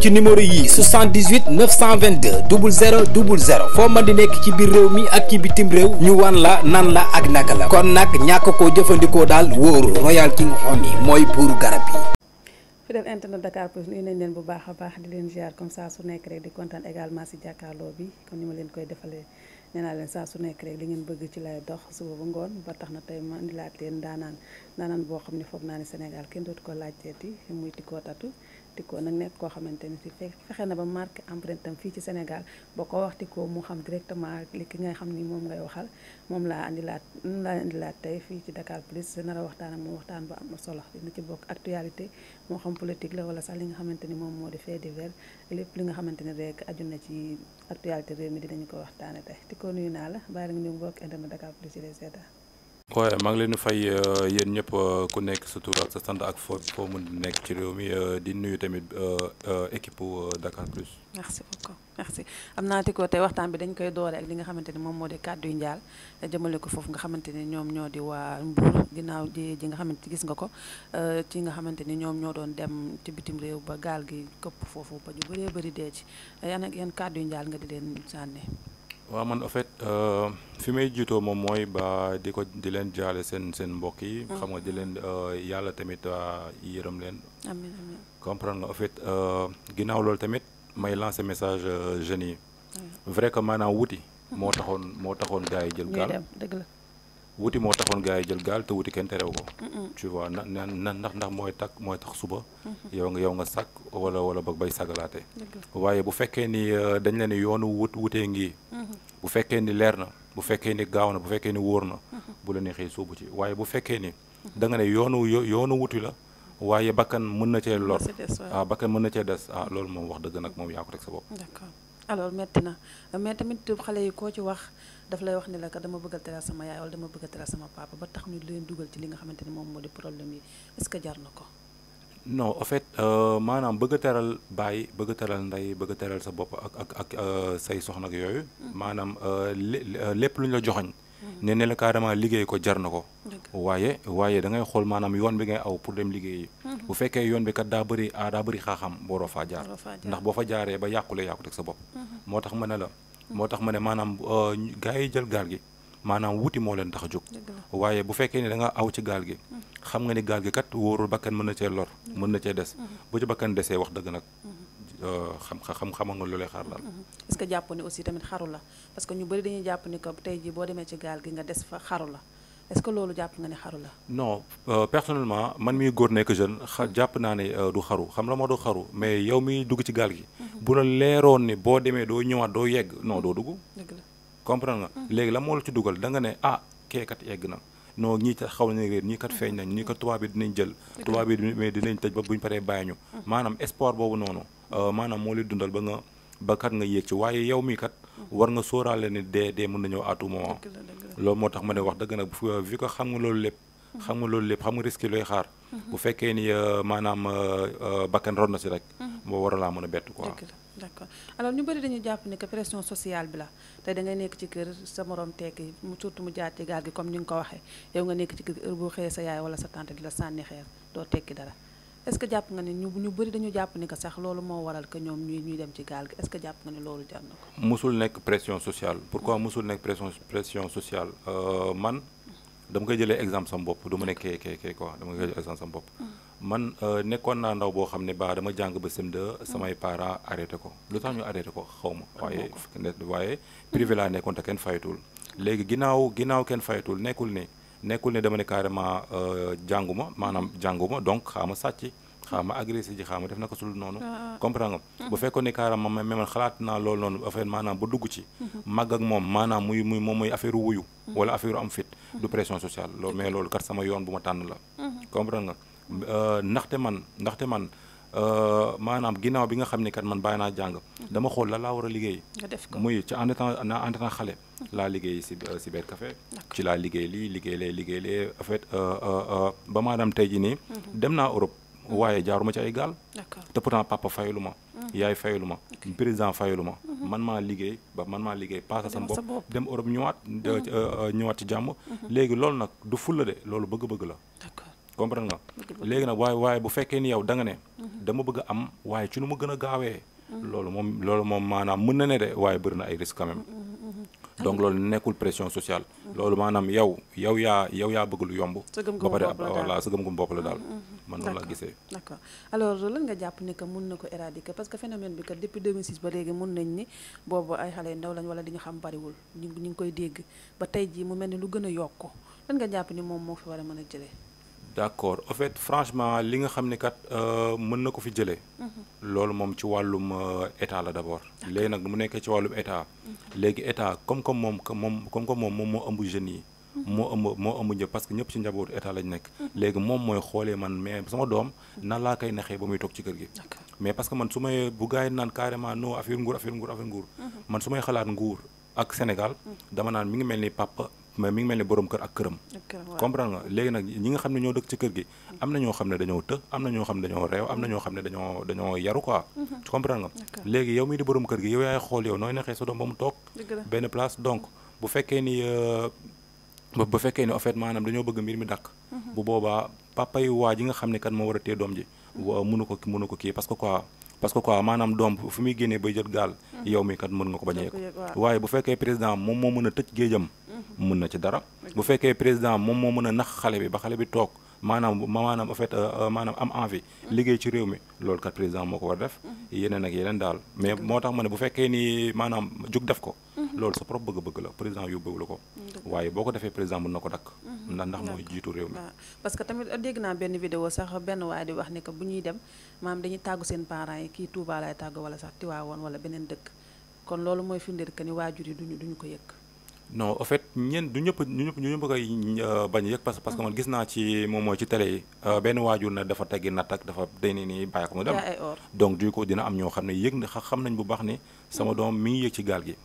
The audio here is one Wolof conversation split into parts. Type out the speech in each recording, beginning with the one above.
ci numéro yii 78 922 00 00 foo mën di nekk ci biir réew mi ak ci bitim réew ñu wan la nan la ak naka la kon nag ñàkk koo jëfandikoo daal wóoru Royal King Honey mooy buuru garab yi. fidèle internet Dakar leen bu baax a baax di leen ziar comme saa su nekk rek di kontaan également si jàkkaarloo bi comme ni ma leen koy defalee nee naa leen saa su nekk rek li ngeen bëgg ci lay dox suba ba ngoon ba tax na tey ma laa teen daanaan daanaan boo xam ne foog naa ne senegal kenn dootu ko laajteeti muy ko tatu Tico nag nekk koo xamante ni si fexe na ba marqué empreinte am fii ci Sénégal boo ko wax Tico mu xam directement li ki ngay xam ni moom ngay waxal moom laa indilaat laa indilaat tey fii ci Dakar Plus nar a waxtaan moom waxtaan bu am solo dina ci bokk actualité moo xam politique la wala sax li nga xamante ni moom moo di fait divers lépp li nga xamante ni rek aju na ci actualité réew mi dinañu ko waxtaane tey Tico nuyu naa la bàyyi la nga ñëw bokk internet Dakar Plus ci waaye maa ngi leen di fay euh, yéen ñëpp euh, ku nekk sa tur ak sa sant ak foo foo mën nekk ci réew mi euh, di nuyu tamit équipe Dakar Plus. merci beaucoup merci am naa ko tey waxtaan bi dañ koy doore ak li nga xamante ni moom moo di kàddu yu njaal jëmale ko foofu nga xamante ni ñoom ñoo di waa ginnaaw ji ji nga xamante gis nga ko ci nga xamante ni ñoom ñoo doon dem ci bitim réew ba gaal gi këpp foofu ba ñu bëree bëri dee ci yan ak yan kàddu yu njaal nga di leen sànni. waaw man en fait euh, fi may jiitoo moom mooy ba di ko di leen jaale seen seen mbokk yi. Mm-hmm. xam nga di leen euh, yàlla tamit euh, yërëm leen. amiin amiin comprendre nga en fait ginnaaw loolu tamit may lancer message jeunes yi. Mm-hmm. vrai que maanaam wuti. moo taxoon moo taxoon gars yi jël gaal. wuti moo taxoon gars yi jël gaal te wuti kenn terew ko. tu vois ndax ndax mooy takk mooy tax suba. Mm-hmm. yow nga yow nga sàkk wala wala bëgg bay sagalaate. waaye bu fekkee ni euh, dañ leen yoonu wut wutee ngi. Mm-hmm. bu fekkee ni leer na bu fekkee ni gaaw na bu fekkee ni wóor na. Mm-hmm. bu la neexee sóobu ci waaye bu fekkee ni. danga ne yoonu yoonu wuti la. waaye bakkan mën na cee lor ah bakkan mën na cee des ah loolu moom wax dëgg nag moom yaa ko teg sa bopp. d'accord alors na mais tamit xale yi koo ci wax. daf lay wax ni la dama bëgg a teral sama yaay wala dama bëgg a teral sama papa ba tax ñu leen dugal ci li nga xamante ni moom moo di problème yi est que jar na ko. non en fait euh, maanaam bëgg a teral baay bëgg a teral bëgg a sa bopp ak ak ak euh, say soxna yooyu. Mm-hmm. maanaam euh, lépp lu ñu joxoñ mm-hmm. ne ne la carrément liggéey ko jar na ko. waaye waaye da ngay xool maanaam yoon bi ngay aw pour dem liggéeyi. Mm-hmm. bu fekkee yoon bi daa bëri ah daa bëri xaaxam waroo faa jaar. ndax boo fa jaaree ba yàqule yàqu teg sa bopp. moo tax mën ne la. moo tax ma ne maanaam euh, gars yi jël gaal gi maanaam wuti moo leen tax a jóg waaye bu fekkee ne danga aw ci gaal gi mm. xam nga ni gaal gi kat wóorul bakkan mën na cee lor mm. mën na cee des mm-hmm. bu ci bakkan desee wax dëgg nag mm-hmm. euh, xam xam xamoon nga lu lay xaar daal mm-hmm. est-ce que jàpp ni aussi tamit xaru la parce que ñu bëri dañuy jàpp ni que tey jii boo demee ci gaal gi nga des fa xaru la est-ce que loolu jàpp nga ne xaru la. non euh, personnellement man miy góor nekk jeune jàpp naa ne euh, du xaru xam la moo du xaru mais yow miy dugg ci gaal gi. Mhm. bu la leeroon ni boo demee doo ñëwaat doo yegg non doo dugg. Mhm. comprendre nga. Mhm. léegi la moo la ci dugal da nga ne ah keekat yegg na. non ñii kat xaw nañu réer ñii kat feeñ nañ ñii kat tubaab bi dinañ jël. tubaab bi dinañ taj ba buñ paree bàyyi ñu. maanaam espoir boobu noonu. Euh, maanaam moo lay dundal ba nga. ba kat nga yéeg ci waaye yow mii kat war nga sóoraale ne dee dee mën na ñëw à tout moment loolu moo tax ma ne wax dëgg nag bu fi ko xam nga loolu lépp xam nga loolu lépp xam nga risque looy xaar mhm. bu fekkee ni euh, maanaam euh, euh, bakkan ron na si rek mhm. moo war a laa mën a bett quoi d'accord alors ñu bari dañu jàpp ne que pression sociale bi la tey da ngay nekk ci kër sa morom tekki surtout mu jaar ci gaal gi comme ni nga ko waxee yow nga nekk ci kër heure boo xëyee sa yaay wala sa tante di la sànni xeer doo tekki dara est-ce que jàpp nga ni ñu ñu bëri dañu jàpp ni que sax loolu moo waral que ñoom ñuy ñuy dem ci gaal gi est-ce que jàpp nga ne loolu jar na ko. musul nekk pression sociale pourquoi pression pression euh, man dama koy jëlee exemple sama bopp du ma ne kee kee kee quoi dama koy jëlee exemple bopp. Mm. man euh, nekkoon naa ndaw boo xam ne ba dama jàng ba CM2 samay parents arrêté ko lu tax ñu arrêté ko xaw ma. Ah, waaye waaye privé laa nekkoon te kenn fayatul. léegi ginnaaw ginnaaw kenn fayatul nekkul ne. nekkul ne dama ne carrément euh, jànguma maanaam jànguma donc xaama sàcc xaama agressé ji xaama def na ko sul noonu ah, ah. comprendre nga ah, bu fekkoon ne carrément ma man xalaat naa lool noonu affaire maanaam ba dugg ci mhm. màgg moom maanaam muy muy moom mooy affaire wuyu mhm. wala affaire am fit mhm. du pression sociale loolu mais loolu kat sama yoon bu ma tànn la comprendre nga euh, ndaxte man ndaxte man Euh, maanaam ginnaaw bi nga xam ne kat man bàyyi naa jàng dama xool la laa war a liggéey muy ci en tant en tant xale laa liggéey si si kafe ci laa liggéey lii liggéey lee liggéey lee en euh, euh, ba maanaam tey ji nii mhm. dem naa Europe mhm. waaye jaaruma ci ay gaal te papa fayalu ma mhm. yaay fayalu ma président fayalu ma man maa liggéey ba man maa liggéey paase sa bopp dem Europe ñëwaat ñëwaat ci jàmm léegi loolu nag du fulla de loolu bëgg-bëgg la comprendre nga léegi nag waaye waaye bu fekkee ni yow da nga ne mhm. dama bëgg a am waaye ci nu ma gën a gaawee mhm. loolu moom loolu moom maanaam mën na ne de waaye bëri na ay risques quand même mhm, donc loolu nekkul pression sociale loolu maanaam yow yow yaa yow yaa bëgg lu yomb ba pare voilà sa gëm-gëm bopp la daal man noonu laa gisee d'accord alors lan nga jàpp ne que mun na ko éradiquer parce que phénomène bi kat depuis 2006 ba léegi mun nañ ni boobu ay xale ndaw lañ wala di ñu xam bariwul ñu ñu ngi koy dégg ba tey jii mu mel ni lu gën a yokk lan nga jàpp ni moom moo mën a jëlee d'accord en fait franchement li nga xam ne kat euh, mën na ko fi jëlee. Mhm. loolu moom ci wàllum euh, état la d'abord. léegi nag mu nekkee ci wàllum état. Mhm. léegi état comme comme moom moom comme comme moom moom moo ëmb jeunes yi. Mhm. moo ëmb moo ëmb ñëpp parce que ñëpp ci njabootu état lañ nekk. léegi moom mooy xoolee man mais sama doom nan laa koy naxee ba muy toog ci kër gi. mais parce que man su may bu gars yi naan carrément non affaire nguur affaire nguur affaire nguur. man su may xalaat nguur ak Sénégal. dama naan mi ngi mel ni papa. mais mi ngi mel ni borom kër ak këram comprendre nga léegi nag ñi nga xam ne ñoo dëkk ci kër gi am na ñoo xam ne dañoo të am na ñoo xam ne dañoo réew am na ñoo xam ne dañoo dañoo yaru quoi mhm. comprendre nga léegi yow mi di borom kër gi yow yaay xool yow nooy nexee sa doom ba mu toog benn place donc bu fekkee ni euh, bu fekkee ni en maanaam dañoo bëgg mbir mi dakk mhm. bu booba papa yi waa ji nga xam ne kan moo war a téye doom ji mënu ko mënu ko kii parce que quoi parce que quoi maanaam doom fu muy génnee bay jot gaal mm-hmm. yow mi kat mën nga ko bañ a waaye bu fekkee président moom moo mën a tëj géejam mun mm-hmm. na ci dara bu fekkee président moom moo mën a nax xale bi ba xale bi toog maanaam maanaam en fait euh, euh, maanaam am envie mm-hmm. liggéey ci réew mi loolu kat président moo ko war def yeneen ak yeneen daal mais moo tax ma ne bu fekkee ni maanaam jug def ko loolu sa propre bëgg-bëgg la président yóbbuwu la ko waaye boo ko defee président mun na ko dakk ndax ndax mooy jiitu réew mi parce que tamit dégg naa benn vidéo sax benn waaye di wax ni bu ñuy dem maam dañuy tàgg seen parents yi kii Touba laay tàggu wala sax Tiwaawoon wala beneen dëkk kon loolu mooy firndeel que ni waajur yi duñu duñu ko yëg non en fait ñeen du ñëpp ñu ñëpp ñu ñëpp koy euh, bañ a yëg parce que man gis naa ci moom mooy ci télé yi euh, benn waajur na dafa teggi natt ak dafa day ne ni bàyyi ko mu dem donc du ko dina am ñoo xam ne yëg na xam nañ bu baax ni sam hmm. doom mi ci gaal gi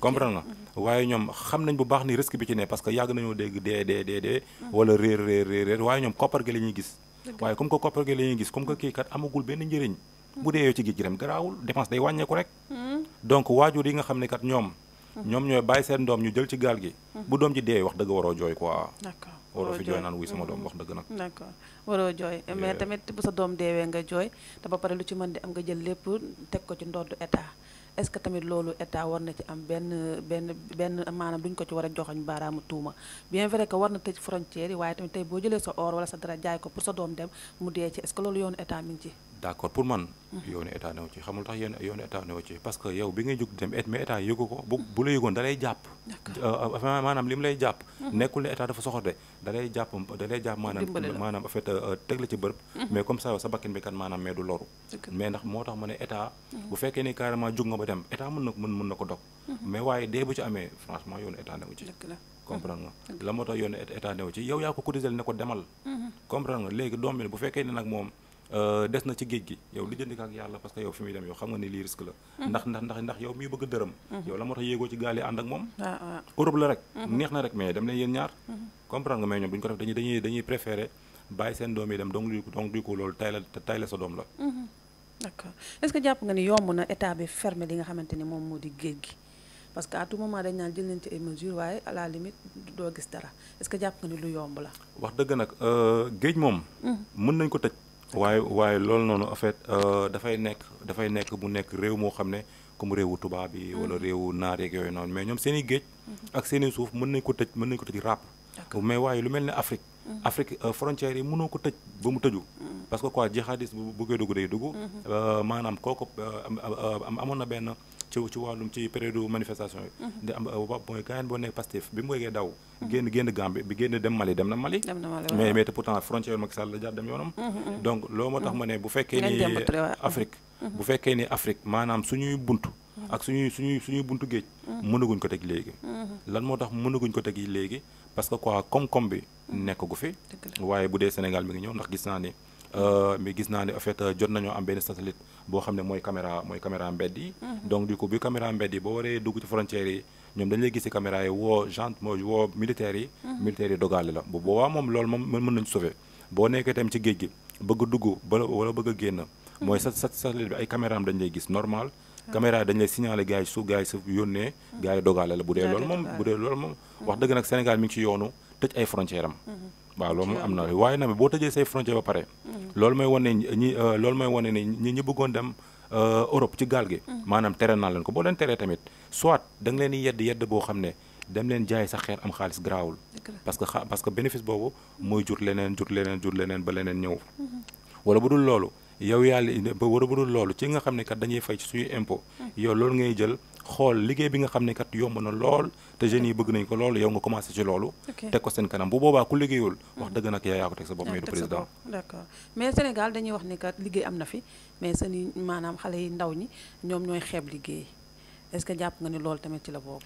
comprendre na waaye ñoom xam nañ bu baax ni risque bi ci ne parce que yàgg nañoo dégg dee dee dee dee mm. réer réer waaye ñoom koppar gi la ñuy gis waaye comme que koppar gi la ñuy gis comme que kii kat amagul benn njëriñ mm. bu dee yoo ci géej gi dem garaawul dépense day wàññeeku rek mm. donc waajur yi nga xam ne kat ñoom ñoom ñooy bàyyi seen doom ñu jël ci gaal gi bu doom ji dee wax dëgg waroo jooy ko d'accord waroo fi jooy naan wuy sama doom wax dëgg nag d'accord waroo jooy tamit sa doom deewee nga jooy pare lu ci am nga jël lépp teg ko ci ndoddu état est-ce que tamit loolu état war na ci am benn benn benn maanaam duñ ko ci war a joxoñ baaraamu tuuma bien vrai que war na tëj frontière yi waaye tamit tey boo jëlee sa or wala sa dara jaay ko pour sa doom dem mu dee ci est-ce que loolu yoonu état mi ci d' accord pour man. yoonu état newu ci xamul tax yoonu état newu ci parce que yow bi ngay jóg dem et yëgu ko bu la yëgoon da lay jàpp. Euh, euh, maanaam li mu lay jàpp. Hmm. nekkul ne état dafa soxode da lay jàpp maanaam. maanaam en fait euh, teg ci bërëb. Hmm. mais comme sa bakkan bi kan maanaam mais du loru. mais ndax moo tax ma ne état. Hmm. bu fekkee ni carrément jóg nga ba dem état mën na ko mën na ko dog. mais waaye dee bu ci amee franchement yoonu état newu ci. comprendre nga la moo tax yoonu état bu fekkee ne moom Euh, des na ci géej gi yow li yàlla parce que yow fi muy dem yow xam nga ni lii risque la hmm. ndax ndax ndax ndax yow miy bëgg dërëm hmm. yow la moo tax yéegoo ci gaal yi ànd ak moom ah, ah. Hmm. na rek ñaar comprendre nga mais ñoom bu ñu ko def dañuy dañuy loolu tay la tay la sa doom la d'accord est-ce que na xamante ni moom moo di géej gi parce que à tout moment dañ naan jël nañ ci ay doo gis dara est-ce jàpp nga ni lu yomb la wax dëgg nag euh, géej moom mën nañ ko tëj waaye waaye loolu noonu en fait euh, dafay nekk dafay nekk mu nekk réew moo xam ne comme réewu tubaab yi mm-hmm. wala réewu naar yooyu noonu mais ñoom seen i géej mm-hmm. ak seeni suuf mën nañ ko tëj mën nañ ko tëj ràpp mais waaye lu mel ni Afrique mm-hmm. Afrique euh, frontières yi mënoo ko tëj ba mu tëju parce que quoi jihadiste bu koy dugg day dugg euh, maanaam kooku amoon na benn ci ci wàllum ci période manifestation yi mhm. di am mooy euh, gaayen boo nekk Pastef bi mu wegee daw mhm. génn génn Gambie bi génn dem Mali dem na Mali mais mais te pourtant frontière Macky Sall la jaar dem yoonam mhm, donc loo moo tax ma ne bu fekkee ni Afrique bu fekkee ni Afrique maanaam suñuy buntu ak suñuy suñuy suñuy buntu géej mënaguñ ko teg léegi lan moo tax mënaguñ ko teg yi léegi parce que quoi koom-koom bi nekk gu fi waaye bu dee Sénégal mi ngi ñëw ndax gis naa ni euh, mi gis naa ni en fait euh, jot nañoo am benn satellite boo xam ne mooy caméra mooy caméra mbedd yi mhm. donc du coup bi caméra mbedd yi boo waree dugg ci frontières yi ñoom dañ lay gis ci caméra yi woo gent moo woo militaires yi mhm. militaires yi dogaale la bu boobaa moom loolu moom mën nañu sauver boo nekkee tam ci géej gi bëgg dugg bala wala bëgg génn mhm. mooy sa sa satellite bi ay caméra dañ lay gis normal ah. caméra dañ lay signaler gars yi suuf gars yi suuf yónnee gars yi dogale la bu dee lool moom bu dee loolu moom wax dëgg nag Sénégal mi ngi ci yoonu tëj ay frontière am waaw loolu am na waaye na nag boo tëjee say frontière ba pare mm. loolu mooy wane ñi euh, loolu mooy wane ni ñi ñi bëggoon dem euh, Europe ci gaal gi mm. maanaam tere naa leen ko boo leen teree tamit soit da leen di yedd yedd boo xam ne dem leen jaay sax xeer am xaalis garaawul parce que parce que bénéfice boobu mooy jur leneen jur leneen jur leneen ba leneen ñëw mm-hmm. wala bu dul loolu yow yàlla war bu dul loolu ci nga xam ne kat dañuy fay ci suñu impôt mm. yow loolu ngay jël xool liggéey bi nga xam ne kat yomb na lool te jeunes yi bëgg nañ ko loolu yow nga commencé ci loolu. teg ko seen kanam bu boobaa ku liggéeyul. wax dëgg nag yaa yaa ko teg sa bopp ah, mais Sénégal dañuy wax ne kat liggéey am na fi mais seen maanaam xale yi ndaw ñi ñoom ñooy xeeb liggéey est-ce que jàpp nga ne loolu tamit ci la ko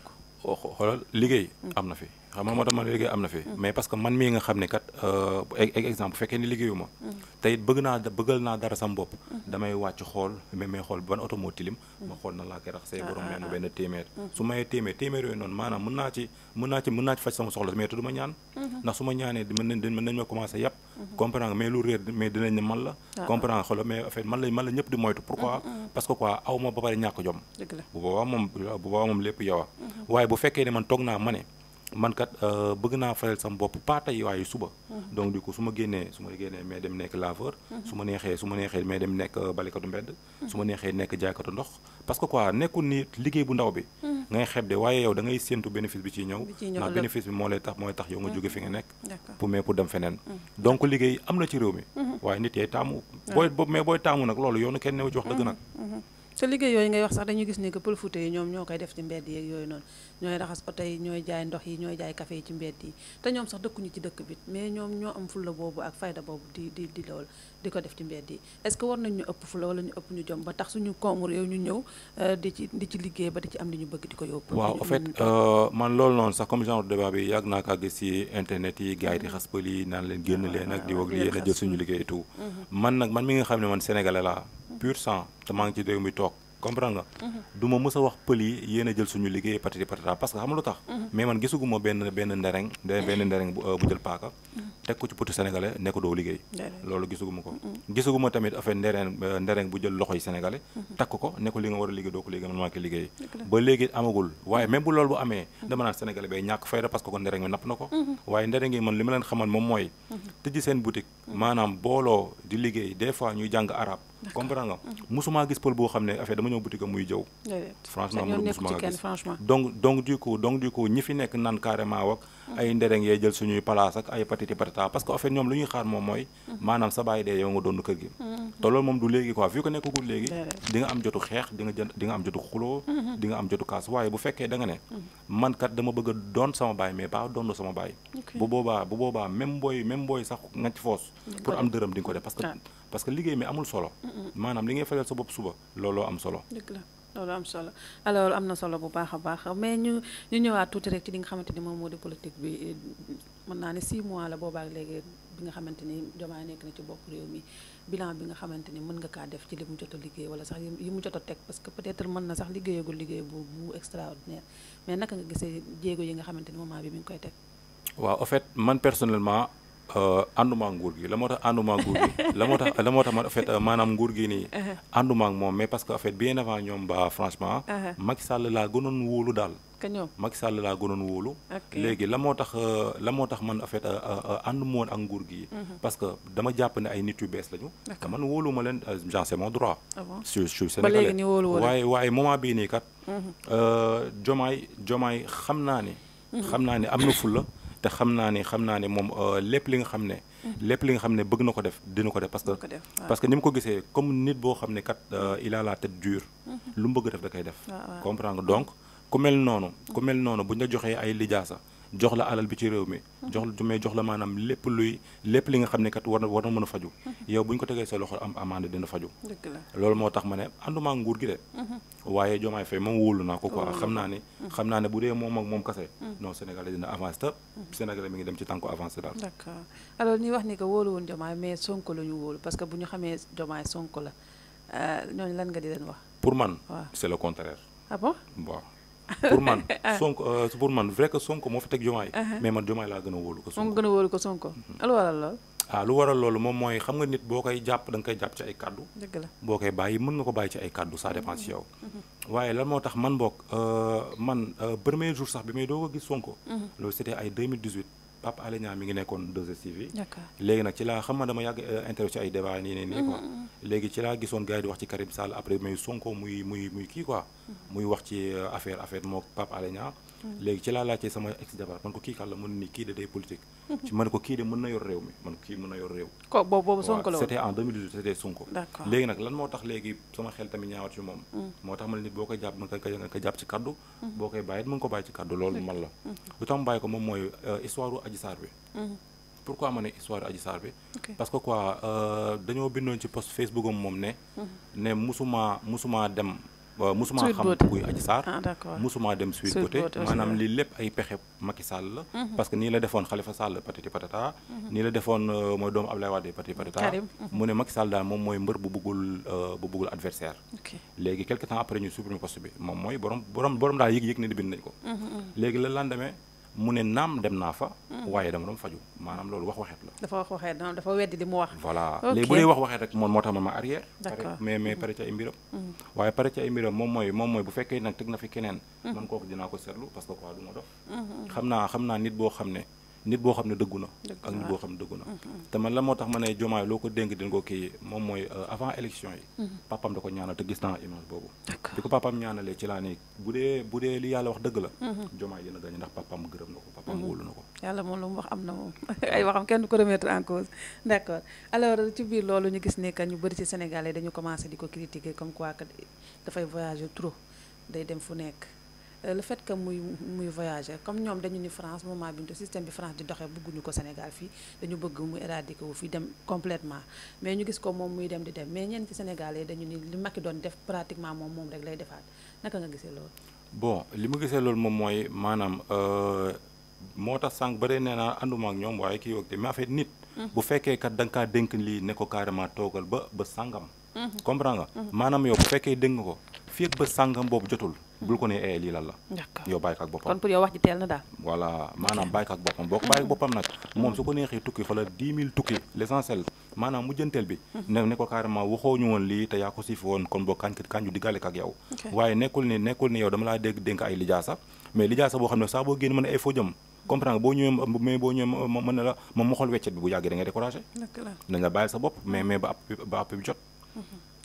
oh, xoolal liggéey hmm. am na fi xam nga moo tax man liggéey am na fi. Mm. mais parce que man mii nga xam ne kat euh, e-, exemple bu fekkee ni liggéeyuma. Mm. tey bëgg naa bëggal naa dara sam bopp. Mm. damay wàcc xool mais xool ban oto moo tilim. na laa ah, ah, ah. su mayee téeméer téeméer yooyu noonu maanaam naa mën naa ci mën naa ci faj sama te du ma ñaan. Mm-hmm. ndax su ma ñaanee mën nañ mën nañ ma commencé yàpp. Mm-hmm. comprendre nga mais lu réer mais dinañ ne man la. comprendre nga xool mais man la man la ñëpp di moytu. pourquoi mm-hmm, parce que quoi aw ma ba pare ñàkk jom. bu boobaa moom bu moom lépp yow waaye bu fekkee ne man toog naa ma ne man kat euh, bëgg naa fayal sama bopp pas tey waayu suba. Mhm. donc du coup su ma génnee su ma génnee mais dem nekk laveur. Mhm. su ma neexee su ma neexee mais dem nekk euh, balikatu mbedd. Mhm. su ma neexee nekk jaaykatu ndox. parce que quoi nekkul ni liggéey bu ndaw bi. ngay xeeb de waaye yow da ngay séentu bénéfice bi ci ñëw. ndax bénéfice bi moo lay tax mooy tax yow nga jóge fi nga nekk. pour mais pour dem feneen. donc liggéey am na ci réew mi. waaye nit yay taamu. booy mais booy taamu nag loolu yoonu kenn newu ci wax dëgg nag. ne koy def ci mbedd yeeg yooyu ñooy raxas oto yi ñooy jaay ndox yi ñooy jaay café yi ci mbedd yi te ñoom sax dëkkuñu ci dëkk bi mais ñoom ñoo am fulla boobu ak fayda boobu di di di lool di ko def ci mbedd yi est-ce que war nañ ñu ëpp fulla wala ñu ëpp ñu jom ba tax suñu koomu réew ñu ñëw euh, di ci di ci liggéey ba di ci am li ñu bëgg di ko yóbbu waaw en fait euh, man loolu noonu sax comme genre débat bi yàgg naa kaa gis ci internet yi gars yi di xas pël yi naan leen génn ah, leen ak di wag li yéen a jël suñu liggéey mm-hmm. man nag man mi nga xam ne man sénégalais laa pur sang te maa ngi ci réew toog comprendre nga. Mhm. du ma mës a wax pël yi yéen a jël suñu liggéey patati patata parce que xam lu tax. Mhm. mais man gisuguma benn benn ndereng mhm. benn ndereng bu euh, jël paaka. teg ko ci potu sénégalais ne doo liggéey. loolu gisuguma ko. gisuguma tamit affaire ndereng euh, ndereng bu jël loxo yi sénégalais. takk ko ne li nga war a liggéey doo ko liggéey man maa ngi liggéey. ba léegi amagul bu amee. dama naan sénégalais bay ñàkk fayda parce que kon ndereng na ko. waaye ndereng yi man li ma leen xaman moom mooy. tëj seen boutique maanaam booloo di liggéey des fois ñuy jàng arabe comprendre nga mhm. musuma gis pël boo xam ne affaire dama ñëw boutique muy jëw franchement mënu musuma nga gis donc donc du coup donc du coup fi nekk naan carrément wak mhm. ay ndereng yee jël suñuy place ak ay patiti patata parce que affaire ñoom lu ñuy xaar moom mooy mhm. maanaam sa bàyyi dee yow nga doon kër gi te loolu moom du léegi quoi vu que nekkagul léegi di nga am jotu xeex di nga jënd di nga am jotu xuloo dinga am jotu kaas waaye bu fekkee da nga ne man kat dama bëgg doon sama baay mais baa doon sama baay bu boobaa bu boobaa même booy même booy sax nga ci foos pour am dërëm di ko def parce que ah. parce que liggéey mi amul solo. maanaam li ngay fajal sa bopp suba looloo am solo. dëgg am solo alors am na solo bu baax a baax mais ñu ñëwaat tuuti rek ci li nga xamante ni moom moo di politique bi mën naa ne 6 mois la boobaak léegi bi nga xamante ni Diomaye nekk na ci bopp réew mi bilan bi nga xamante ni mën nga kaa def ci li mu jot liggéey wala sax yi mu jot a parce que peut-être mën na sax liggéeyagul liggéey bu bu extraordinaire mais nga gisee jéego yi nga xamante ni moment bi mi koy teg. waaw en fait man personnellement. Euh, ànduma nguur gi la moo tax ànduma nguur gi la moo tax la moo tax man en fait euh, maanaam nguur gi nii uh-huh. ànduma moom mais parce que en fait bien avant ñoom ba franchement uh-huh. Macky Sall laa gënoon wóolu daal ka ñoom Macky Sall laa gënoon wóolu léegi la moo tax euh, la moo tax man en fait ànduma woon nguur gi uh-huh. parce que dama jàpp ne ay nit yu bees lañu te man wóolu ma leen genre c'est mon droit ah je suis sénégalais waaye waaye moment bii nii kat jomaay jomaay xam naa ni xam naa ne am na fulla te xam naa ni xam naa ne moom euh, lépp li nga xam ne mm-hmm. lépp li nga xam ne bëgg na ko def dina ko def parce que parce que ni mu ko gisee comme nit boo xam ne kat euh, il a la tête mm-hmm. lu mu bëgg def da koy def comprendre donc ku mel noonu ku mel noonu bu ñu la joxee ay lijaasa jox la alal bi ci réew mi jox ma jox la maanaam lépp luy lépp li nga xam ne kat war na war na mën a faju mhm. yow bu ñu ko tegee sa loxo am amande dina faju loolu moo tax ma ne ànduma nguur gi de mhm. waaye Diomaye Faye moom wóolu naa ko quoi oh. xam naa ne mhm. xam naa ne bu dee moom ak moom kase non Sénégal dina avancé te Sénégal mi ngi dem ci tànku avancé daal d'accord alors ñuy wax ni que wóolu woon Diomaye mais Sonko la ñu wóolu parce que bu ñu xamee Diomaye Sonko la euh, ñooñu lan nga di leen wax pour man c'est le contraire ah pour man ah. Sonko euh, man vrai que Sonko moo fi teg Diomaye ah. mais man Diomaye laa gën a wóolu ko Sonko gën a mhm. lu waral lool ah lu waral loolu moom mooy xam nga nit boo koy jàpp da nga koy jàpp ci ay kàddu boo koy bàyyi mën nga ko bàyyi ci ay kàddu ça dépend ci yow mhm. waaye lan moo tax man boog euh, man euh, premier jour sax bi may doo ko gis Sonko mhm. loolu c'était ay Pape Alé Niang mi ngi nekkoon 2STV. léegi nag ci laa xam ma dama yàgg euh, interview ci ay débat nii nii nii quoi. Mm-hmm. léegi ci laa gisoon gars yi di wax ci Karim Sall après muy Sonko muy muy muy kii quoi. Mm-hmm. muy wax ci euh, affaire affaire moom Pape Alé léegi ci laa laajtee sama ex jabar man ko kii kan la mën ni kii de day politique mhm. man ko kii de mën na yor réew mi man ko kii mën na yor réew ko boobu boobu Sonko la c'était en 2018 c'était Sonko léegi nag lan moo tax léegi sama xel tamit ñaawat ci moom mhm. moo tax ma ne boo koy jàpp mën nga ko jàpp ci kaddu mhm. boo koy bàyyi it ko bàyyi ci kaddu loolu man la lu tax mu bàyyi ko moom mooy euh, histoire u Adji Sarr bi pourquoi ma ne histoire Adji Sarr bi parce que quoi euh, musuma xam kuy Adji Sarr ah, musuma dem Sweet Beauté maanaam lii lépp ay pexe Macky Sall mhm. parce que nii la defoon Khalifa Sall patati patata mhm. nii la defoon euh, mooy doomu Abdoulaye Wade patati patata mhm. mu ne Macky Sall daal moom mooy mbër bu bëggul euh, bu bëggul adversaire léegi quelque temps après ñu supprimer poste bi moom mooy borom borom borom daal yëg-yëg ne di bind nañ ko léegi la lendemain mu ne naam dem naa fa. Hmm. waaye dama doom faju maanaam loolu wax waxeet la. dafa wax waxeet non dafa weddi di mu wax. voilà léegi bu dee wax waxeet rek moom moo tax ma arrière. d'accord mais mais pare ca hmm. Hmm. pare ca ay mooy moom mooy bu fekkee nag teg na fi keneen. man kooku dinaa ko seetlu parce que quoi du ma dof. xam naa xam naa nit boo xam ne. nit boo xam ne dëggu na ak nit boo xam ne dëggu na mm-hmm. te man la moo tax ma ne jomaay loo ko dénk din ko kii moom mooy euh, avant élection yi mm-hmm. papam da ko ñaanal te gis naa image boobu bi ko papam ñaanalee ci laa ne bu dee bu dee li yàlla wax dëgg la jomaay mm-hmm. dina gañe ndax papam gërëm na ko papam wóolu na ko yàlla moom lu mu wax am na moom ay waxam kenn du ko remettre en cause d' accord ci biir loolu ñu gis ne ñu bëri ci Sénégalais dañu commencé di ko critiquer comme quoi que dafay dem fu nekk Euh, le fait que muy muy voyager comme ñoom dañu ni France moment bi ñu système bi France di doxee bëgguñu ko Sénégal fii dañu bëgg mu éradiquer wu fii dem completement mais ñu gis ko moom muy dem di mais ñenn ci Sénégalais dañu ni li Macky doon def pratiquement moom moom rek lay naka nga gisee loolu. bon li ma gisee loolu moom mooy maanaam euh, moo tax sànq bare nee naa ànduma ak ñoom waaye kii woote nit. Mhm. bu fekkee kat da nga kaa lii ne ko carrément toogal ba ba sàngam. Mhm. comprends nga. Mhm. maanaam yow bu fekkee dénk ko fii ak ba sàngam boobu jotul. bul ko ne ee eh, lii lan la yow bàyyi ko ak boppam kon pour yow wax ji teel na daal voilà maanaam bàyyi ko ak boppam boo ko bàyyi ak boppam nag moom su ko neexee tukki xoolal dix mille tukki l'essentiel maanaam mujjanteel bi mhm. ne ne ko carrément waxoo ñu woon lii te yaa ko siif woon kon boo kañ kañ ñu diggale ak yow waaye nekkul ni nekkul ni yow dama laa dégg dénk ay lijaasa mais lijaasa boo xam ne saa boo génn mën a ay foo jëm comprendre boo ñëwee mais boo ñëwee mën na la moom ma xool weccet bi bu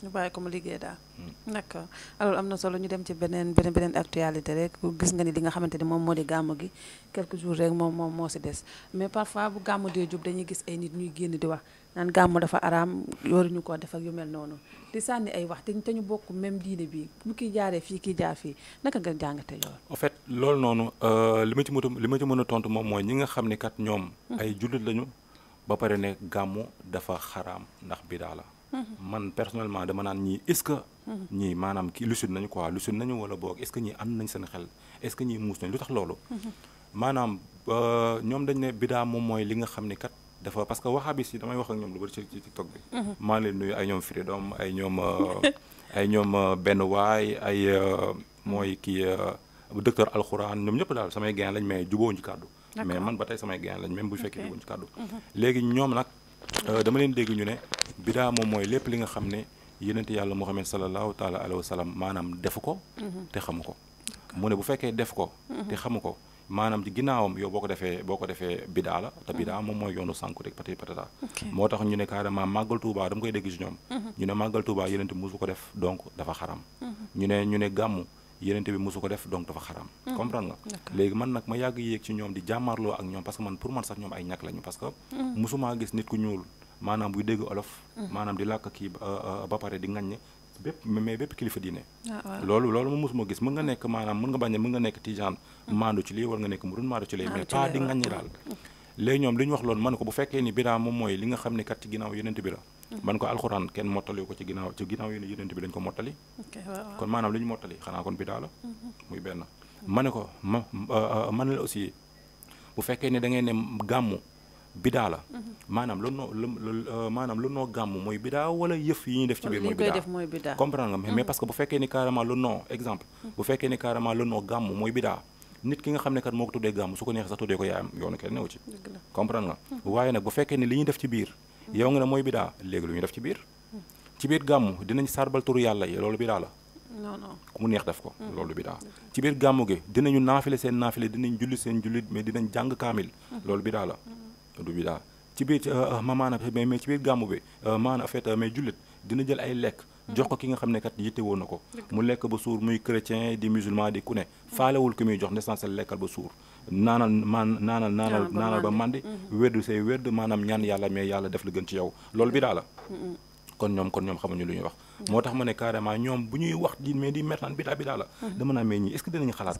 ñu bàyyi ko mu liggéey daal. Hmm. d' accord alors am na solo ñu dem ci beneen beneen beneen actualité rek gis nga ni li nga xamante ni moom moo di gàmm gi quelques jours rek moom moo si des mais parfois bu gàmm dee jub dañuy gis ay ñuy génn di wax naan gàmm dafa araam yoruñu ko def ak yu mel noonu di sànni ay wax te ñu bokk même diine bi mu kiy jaaree fii kii jaar fii naka nga jàngatee loolu. en fait loolu noonu euh, li ma ci mën li ma ci mën a tontu moom mooy ñi nga xam ne kat ñoom. Hmm. ay jullit lañu ba pare ne gàmm dafa xaram ndax bidaa la. man personnellement dama naan ñii est-ce que. ñii maanaam kii lucide nañu quoi lucide nañu wala boog est-ce que ñii ànd nañ seen xel est-ce que ñii muus nañ lu tax loolu. maanaam euh, ñoom dañ ne bidaa moom mooy li nga xam ni kat dafa parce que bi si damay wax ak ñoom lu bari ci ci TikTok bi. Mhm. maa leen nuyu ay ñoom Freedom ay ñoom euh, ay ñoom euh, benn waay ay mooy kii docteur alxuraan ñoom ñëpp daal samay gain lañ mais jubóowuñu ci kàddu. mais man ba tey samay gain lañ même bu fekkee jubóowuñu kàddu. Mhm. Euh, dama leen dégg ñu ne bidaa moom mooy lépp li nga xam ne yonent yàlla Muhammad sallallahu taala alayhi wa sallam maanaam defu ko mhm. te xamu ko mu ne bu fekkee def ko mhm. te xamu ko maanaam ci ginnaawam yow boo ko defee boo ko defee bidaa la te bidaa mhm. moom mooy yoonu sànku rek pati patata moo tax ñu ne carrément màggal Tuubaa dama koy dégg si ñoom ñu ne màggal Tuubaa yonent mosu ko def donc dafa xaram ñu ne ñu ne gàmmu yenente bi mosu ko def donc dafa xaram mhm. comprendre nga léegi man nag ma yàgg yéeg ci ñoom di jàmmaarloo ak ñoom parce que man pour man sax ñoom ay ñàkk lañu parce que mhm. mosumaa gis nit ku ñuul maanaam buy dégg olof mhm. maanaam di làkk kii euh, euh, ba pare di ŋaññe bépp mais bépp kilifa diine ah, loolu loolu ma nekk maanaam mën nga bañ mën nga nekk tijaan maandu ci lii war nga nekk murun maandu ci lii mais pas di ŋaññi daal léegi ñoom li wax loolu man ko bu fekkee ni bidaa moom mooy li nga xam ne kat ci ginnaaw yenente man ko alxuraan kenn mottali ko ci ginnaaw ci ginnaaw yi ne yonent bi dañ ko mottali kon maanaam li ñu mottali mhm. ma ne ko ma man euh, la aussi bu fekkee ne da ngay ne gàmmu bidaa la mhm. maanaam lu noo lu euh, maanaam lu noo gàmm mooy bidaa wala yëf yi ñuy def ci biir mooy nga mais mhm. parce que bu fekkee ni carrément lu noo exemple bu fekkee ni carrément lu noo gàmm mooy bidaa nit ki nga xam ne kat moo ko tuddee gàmm su ko neexee sax tuddee ko yaayam yoonu kenn newu ci comprendre nga waaye nag bu fekkee ni li ñu def ci biir yow nga ne mooy bidaa léegi lu ñu def ci biir ci biir gàmmu dinañ sarbal turu yàlla yi loolu bidaa la mu neex def ko mm. loolu bidaa ci biir gàmmu gi dinañu naafile seen naafile dinañ julli seen jullit mais dinañ jàng kaamil mm. loolu bidaa la mm. du bidaa ci biir euh, euh, maanaam mais ci biir gàmmu bi euh, maanaam en fait mais jullit dina jël ay lekk jox ko ki nga xam ne kat yitte woon na ko mu lekk ba suur muy chrétien di musulman di ku ne faalewul ki muy jox ne sans lekkal ba suur naanal maan naanal naanal naanal ba mandi mm-hmm. weddu say weddu maanaam ñaan yàlla mais yàlla def la gën ci yow loolu bi daa la mm-hmm. kon ñoom kon ñoom xamuñu lu ñuy wax mm-hmm. moo tax ma ne carrément ñoom bu ñuy wax di mais di mer naan bidaa bidaa la dama naa mais ñii est-ce que dinañu xalaat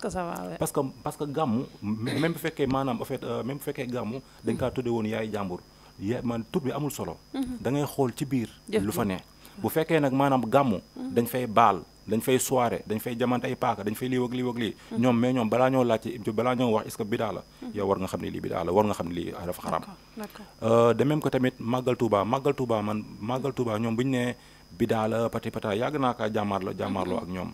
parce que parce que gàmmu même bu fekkee maanaam en fait euh, même bu fekkee gàmmu dañ ka tuddee woon yaay jàmbur ya man tur bi amul solo dangay xool ci biir lu fa ne bu fekkee nag maanaam gàmmu dañ fay baal dañ fay soirée dañ fay jamante ay paaka dañ fay lii wag lii wag lii ñoom mais ñoom balaa ñoo laajte balaa ñoo wax est-ce que bidaa la yow war nga xam ne lii bidaa la war nga xam ne lii dafa xaram euh, tamit màggal Touba màggal man màggal Touba ñoom bu ñu nee bidaa la pati pata yàgg naa kaa jàmmaarloo jàmmaarloo ak ñoom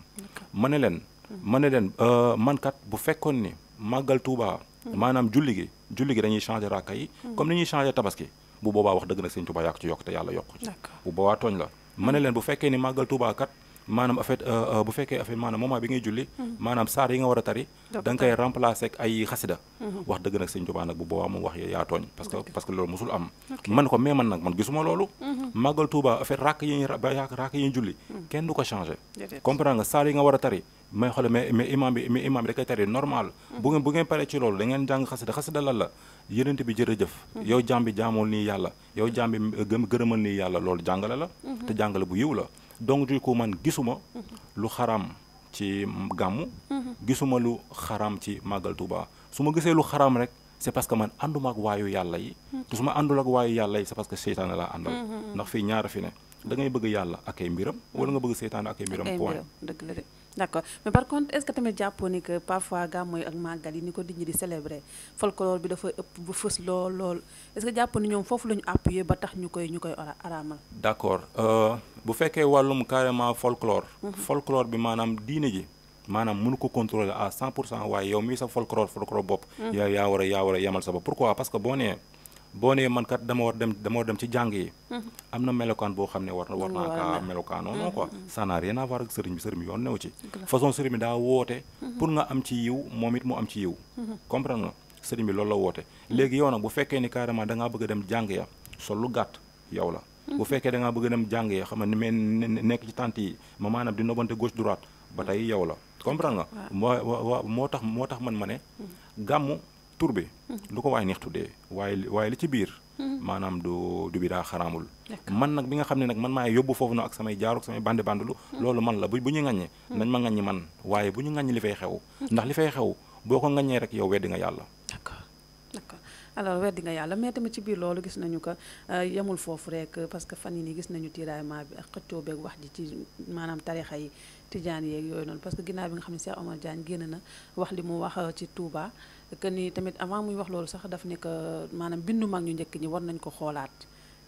ma ne leen ma ne leen euh, man kat bu fekkoon ni màggal Touba maanaam julli gi julli gi dañuy changé raaka yi comme ni ñuy changé tabaski bu boobaa wax dëgg nag sëñ Touba yàq ci yokk te yàlla yokk ci bu boobaa tooñ la ma ne leen bu fekkee ni màggal kat maanaam en fait euh, euh, bu fekkee en fait maanaam moment bi ngay julli mhm. maanaam saar yi nga war a tari da nga koy ay xasida mhm. wax dëgg nag sëñ Tuubaa bu boobaa wax yaa tooñ parce que parce que loolu mosul am man ko mais man nag man gisuma loolu mhm. màggal Tuubaa en fait ràkk yi ràkk yi julli kenn du ko changé comprendre nga saar yi nga war a tari may xoole mais mais imam bi mais imam bi da koy tari normal bu ngeen bu ngeen paree ci loolu da jàng xasida xasida lan la bi jërëjëf yow jaam bi jaamool nii yàlla yàlla loolu jàngale la te jàngale bu yiw la donc du ko man gisuma lu xaram ci gàmmu gisuma lu xaraam ci màggal Tuuba su ma gisee lu xaraam rek c'est parce que man ànduma ak waayu yàlla yi te mm-hmm. su ma àndul ak waayu yàlla yi c'est parce que seytaane laa àndal mm-hmm. ndax fii ñaara fi ne da ngay bëgg yàlla ak ay mbiram wala nga bëgg seytaane ak ay mbiram point dëgg la de d'accord mais par contre est-ce que tamit jàppoo ni parfois gàmmu ak màggal yi ni ko nit ñi di célébrer folklore bi dafa ëpp bu fës lool lool est-ce que jàppoo ñoom foofu la ñu appuyer ba tax ñu koy ñu koy araamal d'accord euh, bu fekkee wàllum carrément folklore mhm. folklore bi maanaam diine ji maanaam mënu ko contrôler à 100 pour cent waaye yow mii sa folklore folklore bopp mhm. yaa a yaa a yemal sa bopp pourquoi parce que boo nee boo nee man kat dama war dem dama dem ci jàng yi. Mhm. am na melokaan boo xam ne war na war naa kaa melokaan noonu mhm. quoi. ça n'a rien ak sëriñ bi sëriñ bi yoon new ci. façon sëriñ bi daa woote. Mhm. pour nga am ci yiw moom it mu am ci yiw. comprendre nga sëriñ loolu la woote. léegi yow nag bu fekkee ni carrément da ngaa bëgg dem jàng ya sol lu gàtt yow la. bu fekkee da ngaa bëgg a dem jàng ya xam ne ni mais nekk ci tànt yi ma maanaam di nobante gauche droite ba tey yow la comprendre nga. moo moo tax moo tax man ma ne. gàmmu. tur bi mhm. lu ko waaye neex tuddee waaye waaye li ci biir mhm. maanaam du bi daa xaraamul man nag bi nga xam ne nag man maay yóbbu foofu na ak samay jaaru ak samay bandi bandulu mhm. loolu man la bu bu ñu ŋàññe nañ ma ŋàññi man waaye bu ñu ŋàññi li fay xew ndax li fay xew boo ko ŋàññee rek yow weddi nga yàlla alors weddi nga yàlla mais tamit ci biir loolu gis nañu ko euh, yemul foofu rek parce que fan yi nii gis nañu tiraillement bi ak xëccoo beeg wax ji ci maanaam tarixa yi tijaan yeeg yooyu que ni tamit avant muy wax loolu sax daf ne que maanaam bindu mag ñu njëkk ñi war nañ ko xoolaat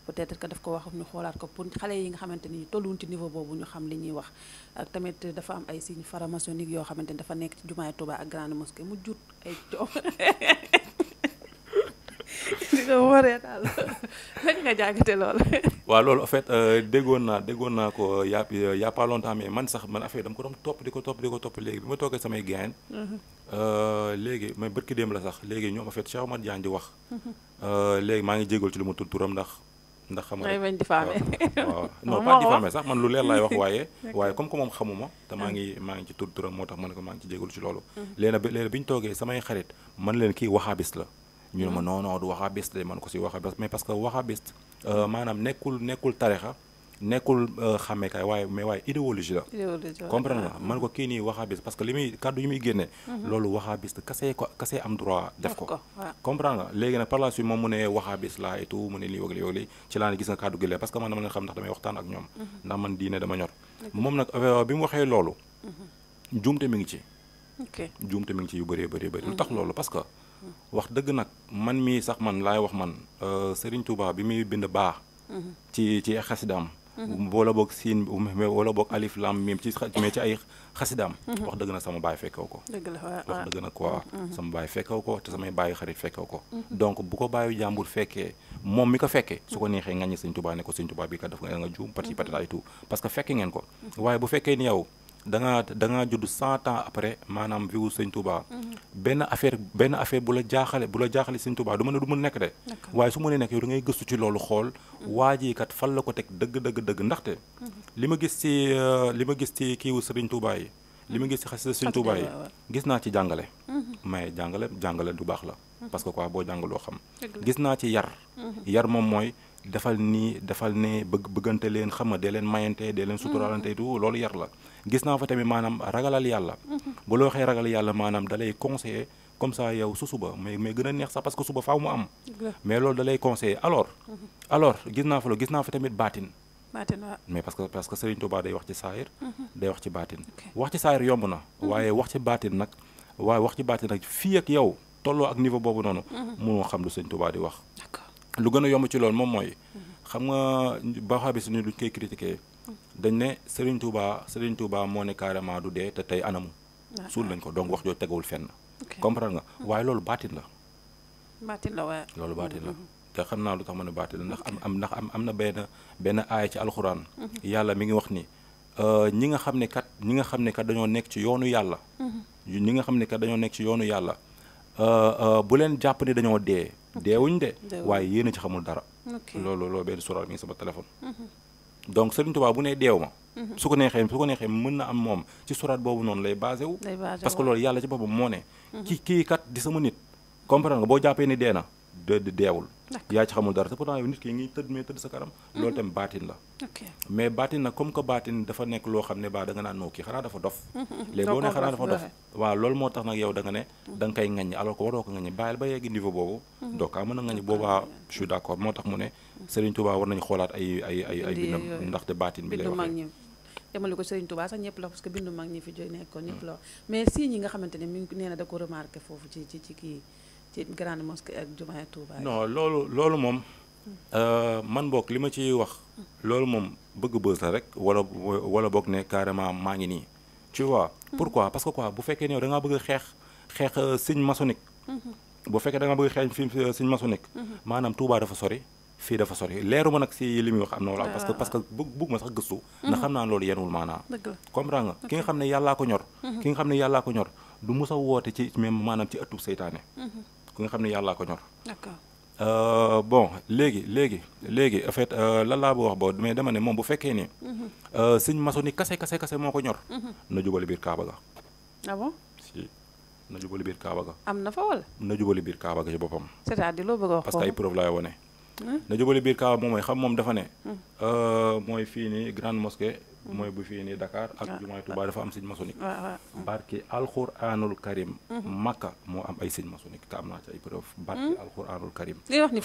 peut-être que daf ko wax ñu xoolaat ko pour xale yi nga xamante ni tolluwuñ ci niveau boobu ñu xam li ñuy wax ak tamit dafa am ay signes franc-maçonnique yoo xamante ni dafa nekk ci jumaay Tuubaa ak grande mosquée mu jur ay coow di ko loolu en fait euh, déggoon naa déggoon naa ko y' a euh, y' a man sax man affaire dama ko doon topp di ko topp di ko topp léegi bi ma toogee samay gain. Mhm. Euh, léegi mais bët ki démb la sax léegi ñoom en fait Cheikh Omar Diagne di wax. Mhm. léegi maa ngi jégal ci lu ma turam ndax. ndax xam nga mooy bañ diffamé waaw non pas diffamé man lu leer laay wax waaye. waaye comme que moom xamuma te maa ah. ngi maa ngi ci tudd turam moo tax ma ne ko maa ngi ci jégalu ci loolu. Mhm. leena nag léegi bi ñu toogee samay xarit man leen kii waxaabis la ñu ne ma non non du waxaabist de man ko si waxaabist mais parce que waxaabist euh, maanaam nekkul nekkul tarixa nekkul euh, xàmmeekaay waaye mais waaye idéologie la comprendre nga man ko kii nii waxaabist parce que li muy kàddu yi muy génne mhm. loolu waxaabist kasee ko kasee am droit def ko comprendre nga léegi nag par la suite moom mu ne waxaabist laa et tout mu ne lii wag li wag li ci laa ne gis nga kàddu gi la parce que man dama leen xam ndax damay waxtaan ak mhm. dama ñor moom nag euh, bi mu waxee loolu mhm. juumte mi ngi ci juumte mi ngi ci yu bëree bëri bëri lu loolu parce que wax dëgg nag man mii sax man laay wax man euh, sëriñ Touba bi muy bind baax. ci ci xasidaam. wala boog siin wala boog alif lam mim ci mais ci ay xasidaam. wax dëgg na sama baay fekkew ko. dëgg la wax dëgg na quoi. Mm-hmm. sama baay fekkew ko te samay baayu xarit fekkew ko. Mm-hmm. donc bu ko baayu jàmbur fekkee moom mi ko fekkee su ko neexee nga ñu Serigne Touba ne ko Serigne Touba bi kat daf nga juum. parce mm-hmm. tout parce que fekke ngeen ko. waaye bu fekkee ni yow. da ngaa da ngaa judd cent ans après maanaam viwu sëñ Touba. benn affaire benn affaire bu la jaaxale bu la jaaxale sëñ Touba du ma ne du mu nekk de. waaye su ma nee nekk yow da ngay gëstu ci loolu xool. Mm-hmm. waa ji kat fan la ko teg dëgg dëgg dëgg ndaxte. Mm-hmm. li ma gis ci euh, li ma gis ci kiiwu sëriñ Touba yi. li ma gis ci xasida sëñ Touba yi gis naa ci jàngale. Mm-hmm. mais jàngale jàngale du baax la. parce que quoi boo jàngaloo xam. gis naa ci yar. yar moom mooy. defal nii defal ne bëgg bëggante leen xam nga dee leen mayante dee leen loolu yar la gis naa fa tamit maanaam ragalal yàlla mhm. bu la waxee ragal yàlla maanaam dalay conseiller comme ça yow su suba mais mais gën a neex sax parce que suba faw mu am mais loolu dalay conseiller alors mhm. alors gis naa fa loolu gis naa fa tamit baatin mais parce que parce que Serigne Touba day wax ci saayir mhm. day wax ci baatin wax ci saayir yomb na waaye wax ci baatin nag waaye wax ci baatin nag fii ak yow tolloo ak niveau boobu noonu munoo xam lu Serigne Touba di wax lu gën a yomb ci loolu moom mooy xam nga baaxaa bi suñu luñ koy critiquer dañ ne Serigne Touba Serigne Touba moo ne carrément du dee te tey anamu. suul lañ ko donc wax jooju tegawul fenn. comprendre nga waaye loolu baatin la. baatin la waaye. loolu baatin la mhm. te xam naa lu tax ma ne baatin la ndax am am ndax am am na benn benn aaya ci alxuraan. Mhm. yàlla mi ngi wax ni euh, ñi nga xam ne kat ñi nga xam ne kat dañoo nekk ci yoonu yàlla. Mhm. ñi nga xam ne kat dañoo nekk ci yoonu yàlla. Euh, euh, bu leen jàpp ne dañoo dee. deewuñ de waaye yéen a ci xamul dara. loolu loolu benn sural mi sama téléphone. donc Serigne Touba bu nee deew ma mhm. su ko neexee su ko neexee mën na am moom ci suraat boobu noonu lay basé wu parce que loolu yàlla ci boppam moo ne mhm. ki kii kat di sama nit comprendre nga boo jàppee ni dee na de deewul yaa ci xamul dara te pourtant yow nit ki ngi tëdd mais tëdd sa kanam mhm. loolu tamit baatin la mais baatin nag comme que baatin dafa nekk loo xam ne baa da nga naan noo kii xanaa dafa dof mhm. léegi yow da nga ne mhm. da nga koy ŋaññi alors que waroo ko ŋaññi bàyyil ba yeggi niveau boobu donc kaa mën a ŋaññi boobaa euh, je moo tax mu ne Serigne Touba war nañu xoolaat ay ay ay ay baatin bi lay waxee yemale ko Serigne Touba mm. nga xamante ne mi ngi nee na da ci grande mosquée ak jumaay Touba. non loolu loolu moom euh, man bokk li ma ciy wax loolu moom bëgg bës la rek wala wala boog ne carrément maa ngi nii tu vois. Hmm. pourquoi parce que quoi bu fekkee ne da bëgg a xeex xeex euh, signe maçonnique. Hmm. bu fekkee da nga bëgg xeeñ fi signe maçonnique. Hmm. maanaam Touba dafa sori fii dafa sori leeru ma nag si li muy wax am na wala parce que ah. parce que bu bugg ma sax gëstu. na xam naa loolu yenwul maanaa. comprends nga ki nga xam ne yàllaa ko ñor. ki nga xam ne yàllaa ko ñor du mus a woote ci même maanaam ci ëttub seytaane. ku nga xam ne yàllaa ko ñor. Euh, bon léegi léegi léegi en fait euh, lan laa boo wax ba mais dama ne moom bu fekkee ni. Mhm. Euh, sëñ maçon yi kase kase kase moo ko ñor. Mhm. na jubali biir Kaaba ga. Ah na jubali biir Kaaba ga. am na fa wala. na jubali biir Kaaba ga ci boppam. c'est-à-dire loo bëgg a wax parce que ay preuve laay wone na jubali biir Kaaba moom mooy xam moom dafa ne. Mhm. mooy fii nii grande mosquée. mooy bu fii nii Dakar ak ah. jumaay Touba dafa am signe maçonnique ah, ah, barke alxuraanul karim mhm. Makka moo am ay signe maçonnique te am naa ci ay preuve mhm. barke alxuraanul karim li wax ni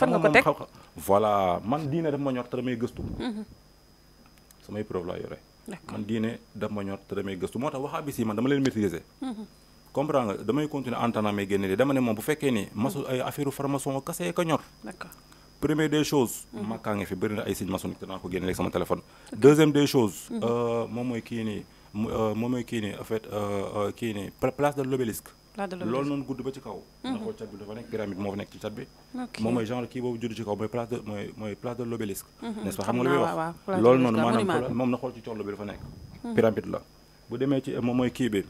man diine daf ma ñor te damay gëstu mhm. samay preuve laa yore man diine daf ma ñor te damay gëstu moo tax waxaa bis yi man dama leen maîtriser comprendre nga damay continuer entanamee génne dama ne moom bu fekkee ni maçon ay affaire u franc-maçon ñor première des choses. Mhm. makkaa nga fi bëri na ay signes maçonniques danaa ko génne rek sama téléphone. deuxième des choses. Mhm. Euh, moom mooy kii nii euh, moom mooy kii nii en fait euh, kii nii place de l'obélisque. lool noonu gudd ba ci kaw. Mhm. na ko cat bi dafa nekk pyramide moo nekk ci cat bi. moom mooy genre kii boobu judd ci kaw mooy place de mooy mooy place xam nga ah, lu muy wax loolu noonu maanaam moom na xool ci collo bi dafa nekk. pyramide la bu demee ci moom mooy kii bi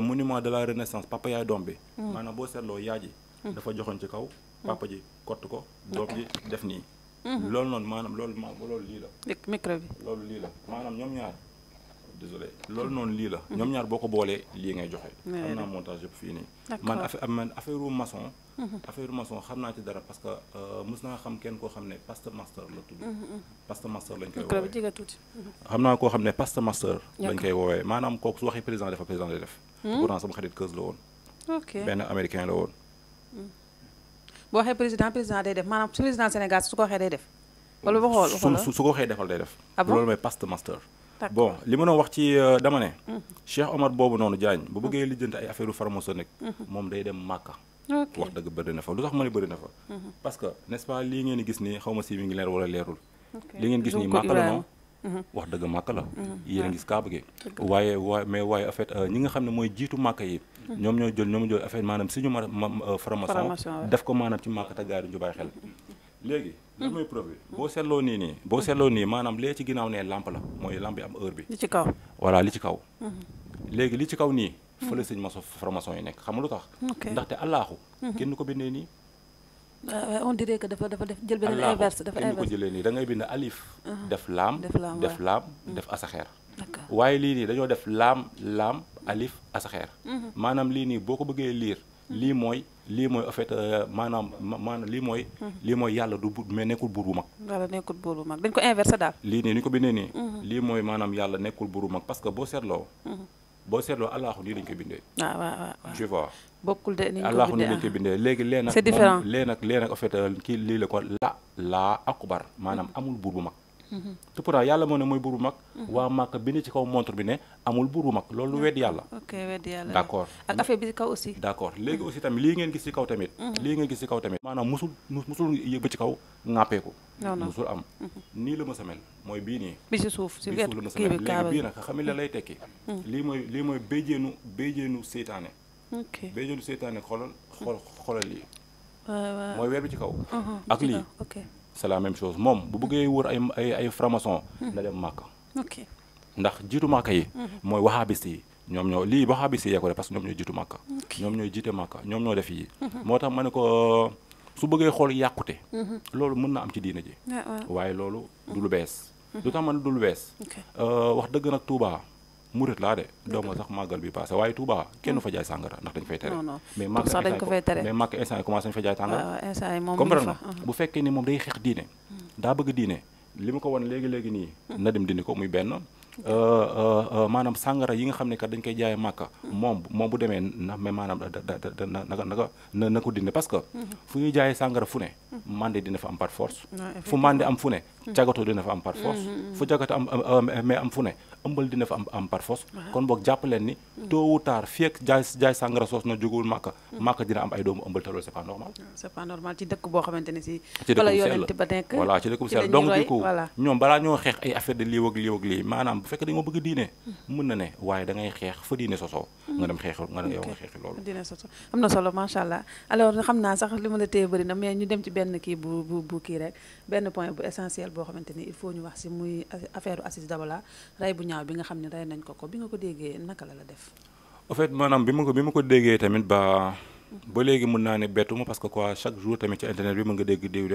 monument de la renaissance papa yaay doom bi. maanaam boo seetloo yaay ji. dafa joxoon ci kaw. papa ji kott ko doom ji def nii mhm. loolu noonu maanaam loolu ma loolu lii la micro loolu lii la maanaam ñoom ñaar désolé loolu noonu lii la mhm. ñoom ñaar boo ko boolee lii ngay joxe xam naa montage yëpp fii nii man affaire man affaire u maçon mhm. affaire xam naa ci dara parce que euh, mës naa xam kenn koo xam ne pasta master la tudd pasta master lañ koy woowee xam naa koo xam ne pasta master lañ koy woowee maanaam kooku su waxee président dafa président lay def hmm? pourtant sama xarit keuse la woon benn américain la woon hmm. boo waxee président président day def maanaam su président Sénégal su ko waxee day def. wala ba xool xool su su ko waxee defal day def. ah bon loolu mooy past master. bon li ma doon wax ci euh, dama ne. Mm. Cheikh Omar boobu noonu Diagne bu mm. bëggee lijjanti ay affaire franc-maçonnique mm-hmm. moom day dem Màkka. wax dëgg bëri na fa lu tax ma ne bëri na fa. Mm-hmm. parce que nest li pas ngeen gis nii xaw ma si mi ngi leer wala leerul. li ngeen gis nii Màkka la wax dëgg màkk la mm-hmm. Mm-hmm. yéen a ngis kaaba gi waaye waaye mais waaye en euh, ñi nga xam ne mooy jiitu màkk yi mm-hmm. ñoom ñoo jël ñoom jël en fait maanaam suñu ma euh, formation def ko maanaam ci màkk te gaari ju bàyyi xel léegi lan mooy preuve bi boo seetloo nii nii boo seetloo nii maanaam lee ci ginnaaw ne lampe la mooy lampe yi am heure bi li ci kaw voilà li ci kaw léegi li ci kaw nii fële sëñ ma formation yi nekk xam nga lu tax ndaxte allaaxu kenn ko bindee nii Euh, on dirait que dafa dafa def jël beneen inverse dafa inverse ko jëlee nii da ngay bind alif. Uh-huh. def laam def laam def uh-huh. asaxeer. waaye lii nii dañoo def laam laam alif asaxeer. Uh-huh. maanaam lii nii boo ko bëggee liir. lii mooy lii mooy en euh, maanaam maanaam lii mooy. lii mooy yàlla du bu mais nekkul buur bu mag. yàlla nekkul buur bu mag dañ ko inversé daal. lii nii ni ko bindee nii. lii mooy maanaam yàlla nekkul buur bu mag parce que boo seetloo. boo seetloo allahu nii lañ ko bindee. Ah, waaw bokkul de ni ñu ko bindee allahu nii lañ ko ah. bindee léegi lee nag. c'est différent lee nag lee nag en kii lii la ko la laa akbar maanaam amul buur bu mag. te pourtant yàlla moo ne mooy buur bu mag. Mhm. waa Màkka bind ci kaw montre bi ne amul buur bu mag loolu wedd yàlla. ok ak affaire bi ci kaw aussi. d' léegi aussi tamit lii ngeen gis ci kaw tamit. Mhm. lii ngeen gis ci kaw tamit. maanaam musul musul yëg ba ci kaw ŋàppeeku. musul am mhm. nii la ma sa mel mooy bii nii. bi ci suuf ci wet kii bi kaaba bi léegi bii nag xam la lay tekki. lii mooy lii mooy béjjeenu béjjeenu seytaane. ok béjjeenu seytaane xoolal xool xoolal lii. mooy weer bi ci kaw. ak lii c'est la même chose moom bu bëggee wër ay ay ay franc-maçon na dem màkk ndax jiitu màkk yi mhm. mooy wahabiste yi ñoom ñoo lii wahabiste yi yee ko def parce que ñoom ñooy jiitu màkk ñoom ñooy jiite màkk ñoom ñoo def yi mhm. moo tax ma ne ko su bëggee xool yàqute mhm. loolu mën na am ci diina ji ah, waaye loolu du lu bees lu tax ma ne du lu bees euh, wax dëgg nag tuubaa murit laa de daw ma sax màggal bi passé waaye Touba kenn fa jaay sàngara ndax dañ fay tere mais màgg sax dañ ko fay tere mais instant yi daa bëgg diine li mu ko won léegi-léegi nii na dem dindi ko muy benn euh, euh, euh, maanaam sàngara yi nga xam ne kat dañ koy jaaye màkka moom moom bu demee na mais maanaam da naka naka na na ko dindi parce que fu ñuy jaayee sàngara fu ne mandé dina fa am par force fu mandé am fu ne cagato dina fa am par force fu cagato am mais am fu ne ëmbal dina fa am am par force kon boog jàpp leen ni mm. tôt ou tard fii jaay sàngara soos na jógul màkka mm. màkka dina am ay doomu ëmbal te loolu ci dëkk boo xamante ne si ci dëkkum ba nekk voilà ci dëkkum sell donc du coup mm. na ne waaye da ngay xeex fa diine sosoo nga dem xeexi nga yow nga xeexi loolu diine xam naa sax li ma la téye bëri na mais ñu dem ci benn kii bu bu bu kii rek benn point bu essentiel boo xamante ni il faut ñu wax si muy affaire Aziz ñaaw bi nga xam ne rey nañ ko ko bi nga ko déggee naka la la def. en maanaam bi ma ko bi ma ko déggee tamit ba ba léegi mun naa ne bettu ma parce que quoi chaque jour tamit ci internet bi mën nga dégg diw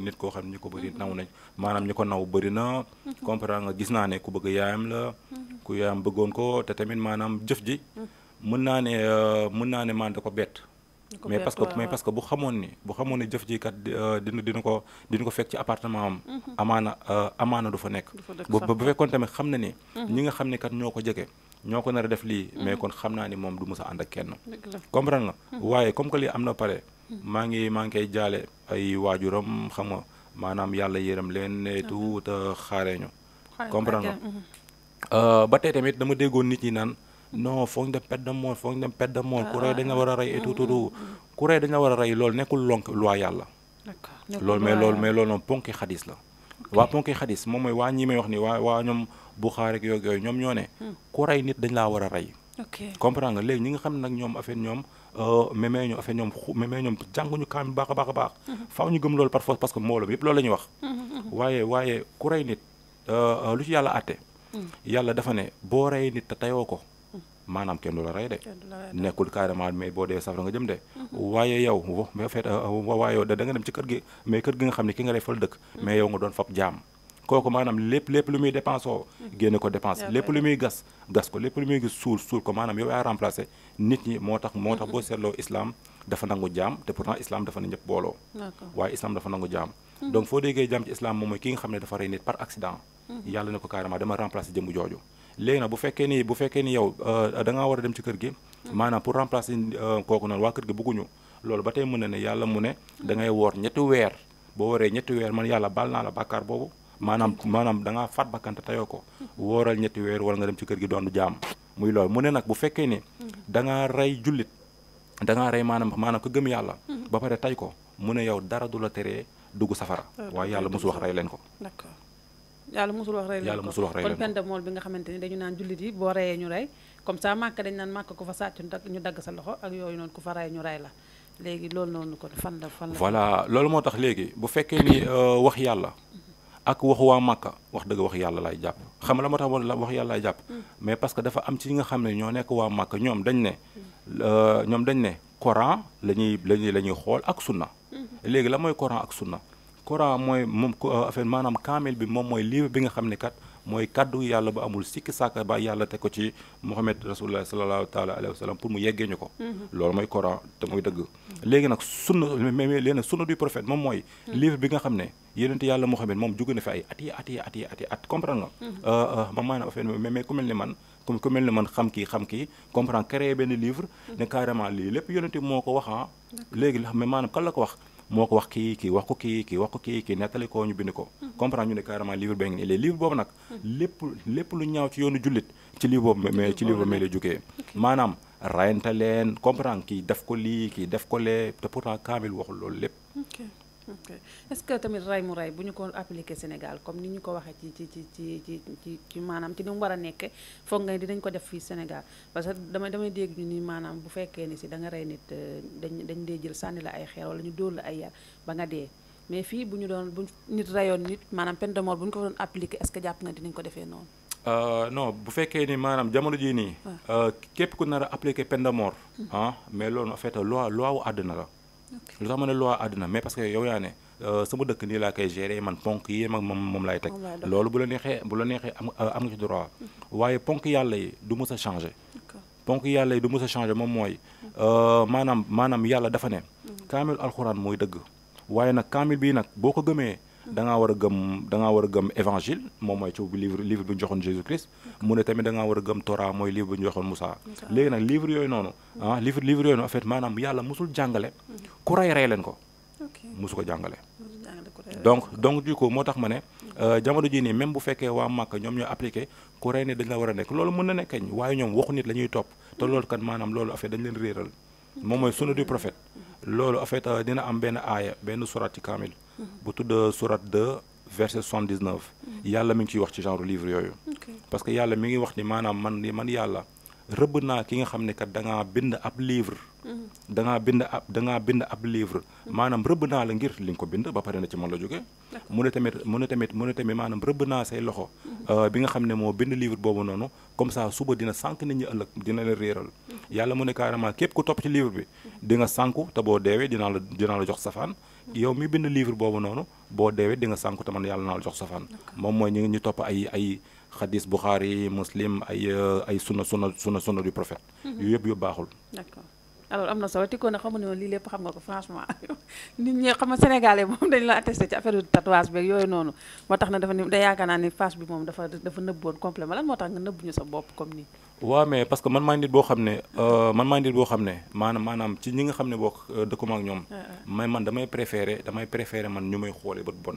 nit koo xam ne ko bëri mm-hmm. naw nañ maanaam ñu ko naw bëri na mm-hmm. nga gis naa ne ku bëgg yaayam la mm-hmm. ku yaayam bëggoon ko te tamit maanaam jëf ji mën naa ne euh, mën naa ne maan da ko bett mais parce que mais parce que bu xamoon ni bu xamoon ni jëf ji kat euh, dina ko dina ko fekk ci appartement am. Mhm. amaana euh, amaana du fa nekk. ba bu fekkoon tamit xam na ni. Mhm. ñi nga xam ne kat ñoo ko jege. ñoo ko nar a def lii. Mhm. mais kon xam naa ni moom du mës a ànd ak kenn. comprendre nga. waaye comme que lii am na pare. maa ngi maa ngi koy jaale ay waajuram xam nga maanaam yàlla yërëm leen ne tuuta xaaree ñu. comprendre nga euh, ba tey dama déggoon nit ñi naan. non foog ñu dem pet de foog ñu dem pet de dañ la war a rey et tout tout ah, ah, ah. ku rey dañ la war a rey loolu nekkul lonk loi yàlla loolu mais loolu mais loolu noonu ponki xadis la waa ponki xadis moom mooy waa ñi may wax ni waa waa ñoom Buxaari ak yooyu ñoom ñoo ne hmm. ku rey nit dañ laa war a rey comprend nga léegi ñi nga xam ne nag ñoom affaire ñoom euh, mémee ñoom affaire ñoom xu mémee ñoom jànguñu kaam baax a baax a baax hmm. faaw ñu gëm loolu par parce que mbooloo bi yëpp loolu la wax hmm, waaye waaye ku rey nit euh, euh, lu ci yàlla àtte yàlla dafa ne boo rey nit te tayoo ko maanaam kenn du la rey de nekkul carrément mais boo dee safara nga jëm de mhm. waaye yow ba fet euh, euh, waaye yow da nga dem ci kër gi mais kër gi nga xam ne ki nga lay fal dëkk mhm. mais yow nga doon fab jaam kooku maanaam lépp lépp lu muy dépense oo mhm. génne ko dépense lépp lu muy gas gas ko lépp lu muy gis suul suul ko maanaam yow yaa remplacé nit ñi moo tax moo tax boo seetloo islam dafa nangu jaam te pourtant islam dafa na ñëpp booloo waaye islam dafa nangu jaam donc foo déggee jaam ci islam moom ki nga xam ne dafa rey nit par accident yàlla ne ko carrément dama jooju léegi nag bu fekkee ni bu fekkee ni yow euh, da ngaa war a dem ci kër gi maanaam pour remplacer euh, kooku noonu waa kër gi bëgguñu loolu ba tey mën na ne yàlla mu ne dangay woor ñetti weer boo waree ñetti weer man yàlla bal naa la bàkkaar boobu maanaam maanaam da faat bakkante tayoo ko wooral ñetti weer wala nga dem ci kër gi doon jaam muy loolu mu ne nag bu fekkee ni mm-hmm. da ngaa rey jullit da rey maanaam maanaam ko gëm yàlla mm-hmm. ba pare tay ko mu ne yow dara du la teree dugg safara ah, waaye yàlla mosu wax rey leen ko yàlla mosul wax rey yàlla musul wax rey kon peine de mort bi nga xamante ni dañu naan jullit yi boo reyee ñu rey comme ça màkk dañu naan màkk ku fa sàcc ñu dagg sa loxo ak yooyu noonu ku fa rey la léegi loolu noonu kon fan la fan la. loolu moo tax léegi bu fekkee ni euh, wax yàlla ak waxu waa màkka wax dëgg wax yàlla lay jàpp xam nga la moo tax wax yàlla jàpp mm. mais parce que dafa am ci nga xam ne ñoo nekk waa màkka ñoom dañ ne euh, ñoom dañ ne Coran la la la ñuy xool ak sunna mm-hmm. léegi la mooy Coran ak sunna Coran mooy moom euh, affaire maanaam kaamil bi moom mooy livre bi nga xam ne kat mooy kaddu yàlla ba amul sikki sàkka ba yàlla teg ko ci Muhammad rasulullah sallallahu taala alayhi wa pour mu yeggee ñu ko mm-hmm. loolu mooy Coran te mooy dëgg léegi nag sunna mais léegi nag sunna du prophète moom mooy mm-hmm. livre bi nga xam ne yonent yàlla Muhammad moom jóge na fi ay at yi at yi at yi at yi at comprendre nga mm-hmm. euh, euh, ma maanaam affaire mais mais ku mel ni man ku mel ni man xam ki xam kii comprendre créer benn livre ne carrément lii lépp yonent moo ko wax ah. léegi mais maanaam kan la ko wax moo ko wax kii kii wax ko kii kii wax ko kii kii nettali ko ñu bind ko mm-hmm. comprendre ñu ne carrément livre bee ngi nii léegi livre boobu nag mm-hmm. lépp lu ñaaw ci yoonu jullit ci livre boobu mais ci livre boobu mais jógee maanaam rayante leen comprendre kii def ko lii kii def ko le te pourtant kaamil waxul loolu lépp ok est-ce que tamit rey mu rey bu ñu ko appliqué Sénégal comme ni ñu ko waxee ci ci ci ci ci ci maanaam ci ni mu war a nekkee foog nga dinañ ko def fii Sénégal parce que damay damay dégg ñu ni maanaam bu fekkee ni si da nga rey nit euh, dañ dañ dee jël sànni la ay xeer wala ñu dóor la ay ba nga dee mais fii bu ñu doon bu nit rayoon maanaam peine de mort ko doon appliqué est-ce que jàpp nga dinañ ko defee noonu. Euh, non bu fekkee ni maanaam jamono jii nii. Euh, képp ku nar appliquer appliqué peine mm-hmm. ah mais loolu en fait loi loi àdduna la. lu tax ma ne loi àddina mais parce que yow yaa ne euh, sama dëkk nii laa koy gérer man ponk yi mag moom moom laay teg loolu bu la neexee bu la neexee am euh, am nga ci droit mhm. waaye ponk yàlla yi du mës a changer ponk yàlla yi du mës a changer moom mooy mhm. euh, maanaam maanaam yàlla dafa ne mhm. kaamil alxuraan mooy dëgg waaye nag kaamil bii nag boo ko gëmee da war a gëm da ngaa war a gëm évangile moom mooy ci livre livre bi ñu joxoon Jésus Christ mu ne tamit war a gëm Torah mooy livre ñu joxoon Moussa léegi nag livre yooyu noonu ah livre livre yooyu maanaam yàlla mosul mhm. jàngale ku rey leen ko mosu ko jàngale donc donc du coup moo tax ma ne mhm. euh, jamono jii nii même bu fekkee waa Màkka ñoom ñoo appliqué ku rey ne dañ la war a loolu mën na nekkañ waaye ñoom waxu nit lañuy topp te loolu kat maanaam loolu en fait dañ leen réeral moom mooy sunna du prophète mhm. loolu en fait euh, dina am benn aaya benn surat ci kaamil bu tudd euh, sourate 2 verset 79. yàlla mu ngi ciy wax ci genre livre yooyu. parce que yàlla mi ngi wax ni maanaam man man yàlla rëbb naa ki nga xam ne kat da ngaa bind ab livre. Mhm. da ngaa bind ab da bind ab livre. Mhm. maanaam rëbb naa la ngir li nga ko bind ba pare na ci man la jóge mu ne tamit mu ne tamit mu ne tamit maanaam rëbb naa say loxo. Mhm. Euh, bi nga xam ne moo bind livre boobu noonu comme ça suba dina sànq nit ñi ëllëg dina leen réeral. yàlla mu ne carrément képp ku topp ci livre bi di nga sànku boo deewee dinaa la dinaa la jox safaan yow mi bind livre boobu noonu boo deewee di nga sànku te man yàlla naa la jox safaan moom mooy ñu ñu topp ay ay xadis Buxaari muslim ay euh, ay sunna sunna sunna sunna du prophète mhm. yu yëpp yu baaxul d'accord alors am na solo tikkoon na xamuñu woon lii lépp xam nga ko franchement nit ñi xam nga sénégalais moom dañu la attesté ci affaire tatouage beeg yooyu noonu moo tax na dafa ni naa ni face bi moom dafa dafa nëbboon complément moo tax nga nëbb ñu sa bopp comme nii waaw mais parce que man maa nit boo xam ne euh, man maa nit xam ne maanaam maanaam ci ñi nga xam ne boo euh, dëkkuma ak ñoom. Ah, ah. may man damay préféré damay préféré man ñu may xoolee bët bon.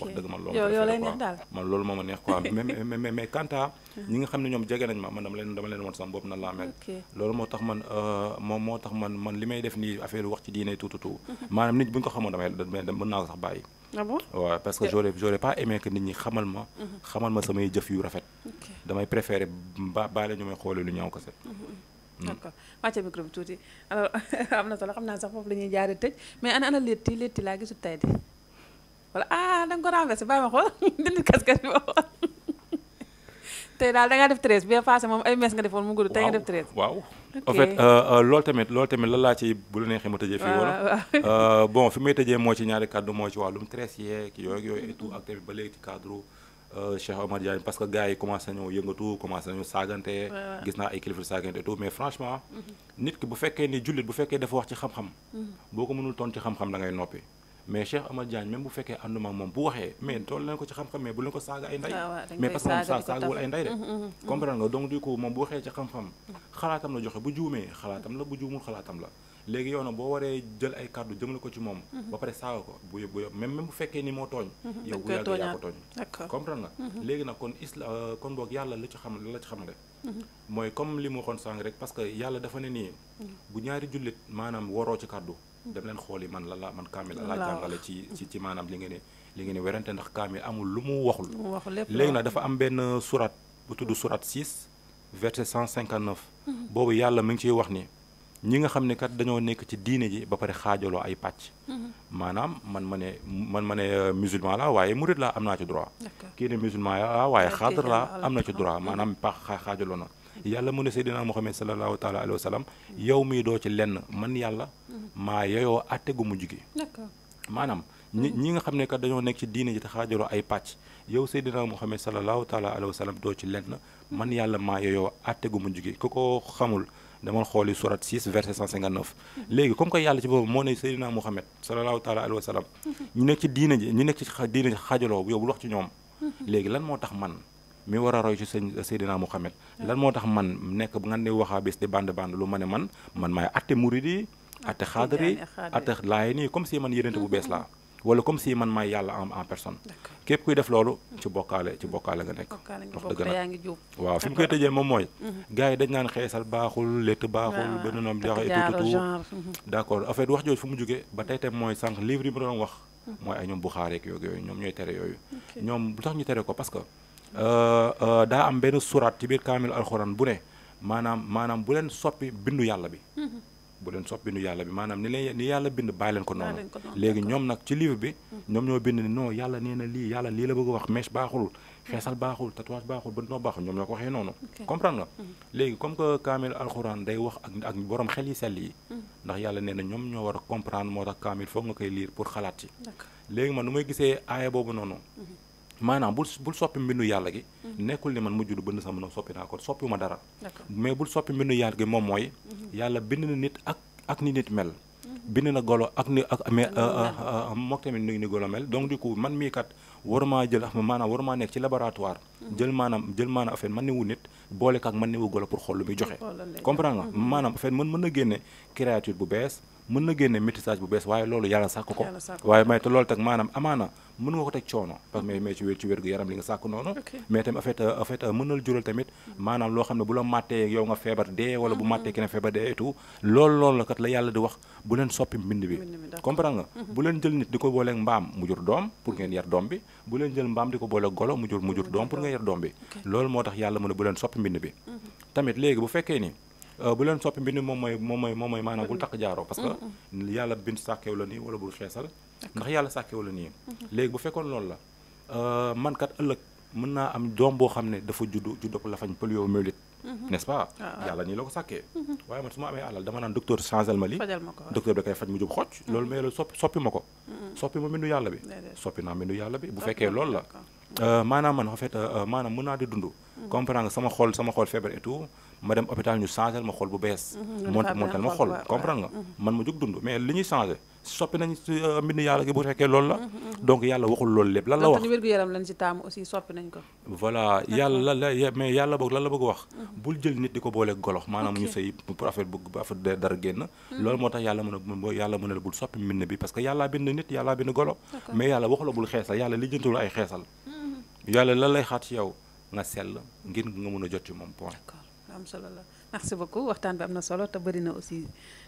wax dëgg man loolu yow lay neex daal man loolu moo ma neex quoi mais mais ñi nga xam ne ñoom jege nañ ma man dama leen dama leen wan sama bopp na laa mel. loolu moo tax man euh, moom moo tax man man li may def nii affaire wax ci diine tuuti tu mhm. maanaam nit bu ñu ko xamoon damay mën naa ko sax bàyyi. ah bon waaw parce que j'aurais j'aurais pas aimé que nit ñi xamal ma. Mhm. xamal ma samay jëf yu rafet. damay préféré ba baale ñu may xoolee lu ñaaw kese. Mhm, mhm. Mm. d'accord wàcce micro bi tuuti alors am na solo xam naa sax foofu la ñuy tëj mais ana ana létti létti laa gisul tay de wala ah da nga ko renversé bàyyi ma xool dindi casquette bi ma tey daal da ngaa def treize bien passé moom ay mes nga defoon mu gudd tey nga def treize waaw en fait euh, euh, loolu tamit loolu tamit lan laa ci bu la neexee ma tëjee fii wala euh, bon fi may tëjee moo ci ñaari kàddu moo ci wàllum treize yeeg yooyu yooyu et ak tamit ba léegi ci cadre Cheikh Omar Diagne parce que gars yi commencé nañu yëngatu commencé nañu saagante gis naa ay kilifa saagante et tout mais franchement mm-hmm. nit ki bu fekkee ni jullit bu fekkee dafa wax ci xam-xam mm-hmm. boo ko mënul toon ci da ngay noppi mais Cheikh Amar Diagne même bu fekkee ànduma moom bu waxee mais tool leen ko ci xam-xam mais bu leen ko saaga ay ndey ah, mais parce que moom sa saagawul ay ndey de mm-hmm, mm-hmm. comprendre nga donc du coup moom bu waxee ci bu juumee xalaatam la léegi yow nag boo waree jël ay kàddu jëmale ko ci moom mm-hmm. ba pare saaga ko bu bu même même bu fekkee ni moo tooñ yow bu yàgg yaa ko tooñ léegi nag kon isla euh, kon boog yàlla la ci xam la ci xamale mooy comme li mu waxoon sànq rek parce que yàlla dafa ne nii bu ñaari jullit maanaam waroo ci kàddu dem leen xooli man la la man kaamil la laa jàngale ci maanaam li ngeen ne li ngeen ne werante ndax kaamil amul lu mu waxul léegi nag dafa am benn surat bu tudd surat cent verset 159 mhm. boobu yàlla mi ngi ciy wax ni ñi nga xam ne kat dañoo nekk ci diine ji ba pare xaajaloo ay pàcc mhm. maanaam man ma ne man ma ne euh, musulman la waaye murid laa am naa ci droit kii ne musulman la ah, waaye xaadar am na ci droit maanaam pa xaajaloo na yàlla mu ne Seydina Muhammad sallallahu taala alayhi wa sallam yow mii doo ci lenn man yàlla maa yeyoo àtte gu mujj gi. d'accord maanaam. ñi mhm. ñi nga xam ne que dañoo nekk ci diine ji te xaajaloo ay pàcc yow Seydina Muhammad sallallahu taala alayhi wa sallam doo ci lenn man yàlla maa yeyoo àtte gu mujj gi ku ko xamul dama xooli surat 6 verset 159. Mhm. léegi comme que yàlla ci boobu moo ne Seydina Muhammad sallallahu taala alayhi wa sallam mhm. ñu nekk ci diine ji ñu nekk ci xaajaloo yow bul wax ci ñoom. léegi lan moo tax man. mi war a roy ci sëñ Seydina Muhammad lan moo tax man nekk nga ne waxaa bés di band band lu ma ne man man maay àtte murid yi atte xaadar yi atte laayeen yi comme si man yénente bu bees laa mm-hmm. wala comme si man maay yàlla en en personne képp kuy def loolu ci bokkaale ci bokkaale nga nekk wax dëgg nag waaw fi mu koy tëjee moom mooy mm-hmm. gars yi dañ naan xeesal baaxul létt baaxul benn noom joxe tuuti d' accord en fait wax jooju fu mu jógee ba tey tam mooy sànq livre yi mu doon wax mm-hmm. mooy ay ñoom Buxaari ak yooyu ñoom ñooy tere yooyu ñoom lu tax ñu tere ko parce que euh, euh, daa am benn sura ci biir kaamil alxuraan bu ne maanaam maanaam bu leen soppi bindu yàlla bi bu leen soppinu yàlla bi maanaam ni leen ni yàlla bind bàyyi leen ko noonu léegi ñoom nag ci livre bi hmm. ñoom ñoo bind ni non yàlla nee na lii yàlla lii la bëgg a wax mèche baaxul xeesal baaxul tatouage baaxul ba noo baaxul ñoom ñoo ko waxee noonu comprendre nga hmm. léegi comme que kaamil alxuraan day wax ak ak borom xel yi sell yi hmm. ndax yàlla nee na ñoom ñoo war a comprendre moo tax kaamil foog nga koy liir pour xalaat ci léegi man nu may gisee aaya boobu noonu maanaam bul bul soppi mbindu yàlla gi mm-hmm. nekkul ni man mu judd bënn sama nag soppi naa ko soppiwuma dara mais bul soppi mbindu yàlla gi moom mooy mm-hmm. yàlla bind na nit ak ak ni nit mel mm-hmm. bind na golo ak ni ak mais ah, ah, ah, mook tamit ni ni golo mel donc du man mii kat warumaa jël maanaam warumaa nekk ci laboratoire jël maanaam jël maanaam affaire man niwu nit boole ak man niwu golo pour xool lu joxe comprendre nga maanaam affaire mën mën a génne créature bu bees mën na génne métissage bu bees waaye loolu yàlla sàkk ko waaye may te loolu tag maanaam amaana mën nga ko teg coono parce que mais ci wér gu yaram li nga sàkk noonu mais tamit a fait en fait euh, euh, mën na la jural tamit ne bu la màttee yow nga feebar dee wala bu mhm. màttee keneen feebar dee di wax bu leen soppi mbind bi comprendre nga mhm. bu leen jël nit di ko booleeg mbaam mu jur doom pour ngeen yar doom bi bu leen jël mbaam di ko booleeg golo mu jur mu jur doom pour ngeen yar doom moo tax yàlla mën a bu leen soppi mbind bi mhm. tamit léegi bu fekkee ni Euh, bu leen soppi mbind moom mooy mooy moom mooy maanaam bul mm-hmm. takk jaaroo que mm-hmm. yàlla bind sàkkew la nii wala bul xeesal ndax yàlla sàkkew la nii mm-hmm. léegi bu fekkoon loolu la euh, man kat ëllëg mën naa am doom boo xam ne dafa juddu juddu ko lafañ poliomyélite n'est-ce pas ah, ah. yàlla nii la ko sàkkee waaye man su ma amee àlal dama naan docteur changel ma li docteur da koy faj mu jub xocc loolu mais loolu soppi soppi ma ko soppi ma mbindu yàlla bi soppi naa mbindu yàlla bi bu fekkee loolu la euh, maanaam man en fait maanaam mën naa di dund comprendre sama xool sama xool feebar et tout ma dem hôpital ñu changé ma xol bu bees. Mhm, montal montal ma xol comprendre nga. Mhm. man ma jóg dund mais li ñuy changé soppi nañu si euh, mbind yàlla gi bu fekkee lool la. Mhm, donc yàlla waxul lool lépp lan la wax. wér gu yaram lañ ci taamu aussi soppi nañ ko. voilà yàlla la mais yàlla boog lan la bëgg wax. bul jël nit di ko boole golox maanaam ñu sëy pour affaire bu affaire dara tax yàlla mën a yàlla mën a bul soppi mbind bi parce que yàllaa bind nit yàllaa bind golo. mais yàlla waxula bul xeesal yàlla li jëntul ay xeesal. yàlla lan lay xaat ci yow nga sell ngir nga mën a jot moom point am solo la merci beaucoup waxtaan bi am na solo te bëri na aussi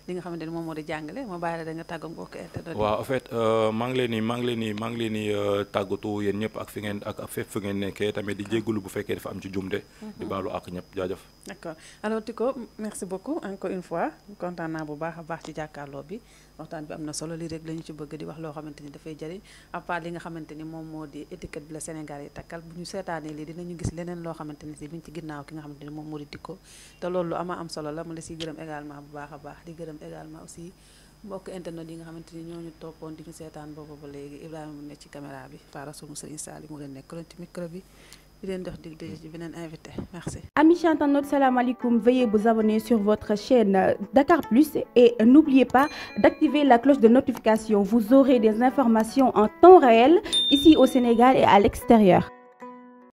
li nga xamante ni moom moo di jàngale ma baale da nga tàggam ko RTD. waaw a fait euh, maa ngi leen ni maa ngi leen ni leen ni euh, tàggatu yéen ak fi ngeen ak fépp fi ngeen nekkee tamit di jégalu bu fekkee dafa am ci jumte. Mhm. di baalu ak ñëpp jaajëf. d' accord alors Tyco merci beaucoup encore une fois kontaan naa bu baax a baax ci jàkkaarloo bi. waxtaan bi am na solo li rek la ñu ci bëgg di wax loo xamante ni dafay jëriñ à part li nga xamante moom moo di étiquette bi la Sénégal yi takkal bu ñu seetaanee lii dinañu gis leneen loo xamante ni si biñ ci ginnaaw ki nga xamante moom moo di dikko te loolu lu am solo la mu la siy gërëm également bu baax a baax di gërëm également aussi mbokk internet yi nga xamante ni ñooñu toppoon di ñu seetaan boobu ba léegi Ibrahima mu nekk ci caméra bi Faara Sow di leen dox dig daje ci beneen invité merci. amis salaamaaleykum veuillez vous abonner sur votre chaîne Dakar Plus et n'oubliez pas d'activer la cloche de notification vous aurez des informations en temps réel ici au Sénégal et à l'extérieur.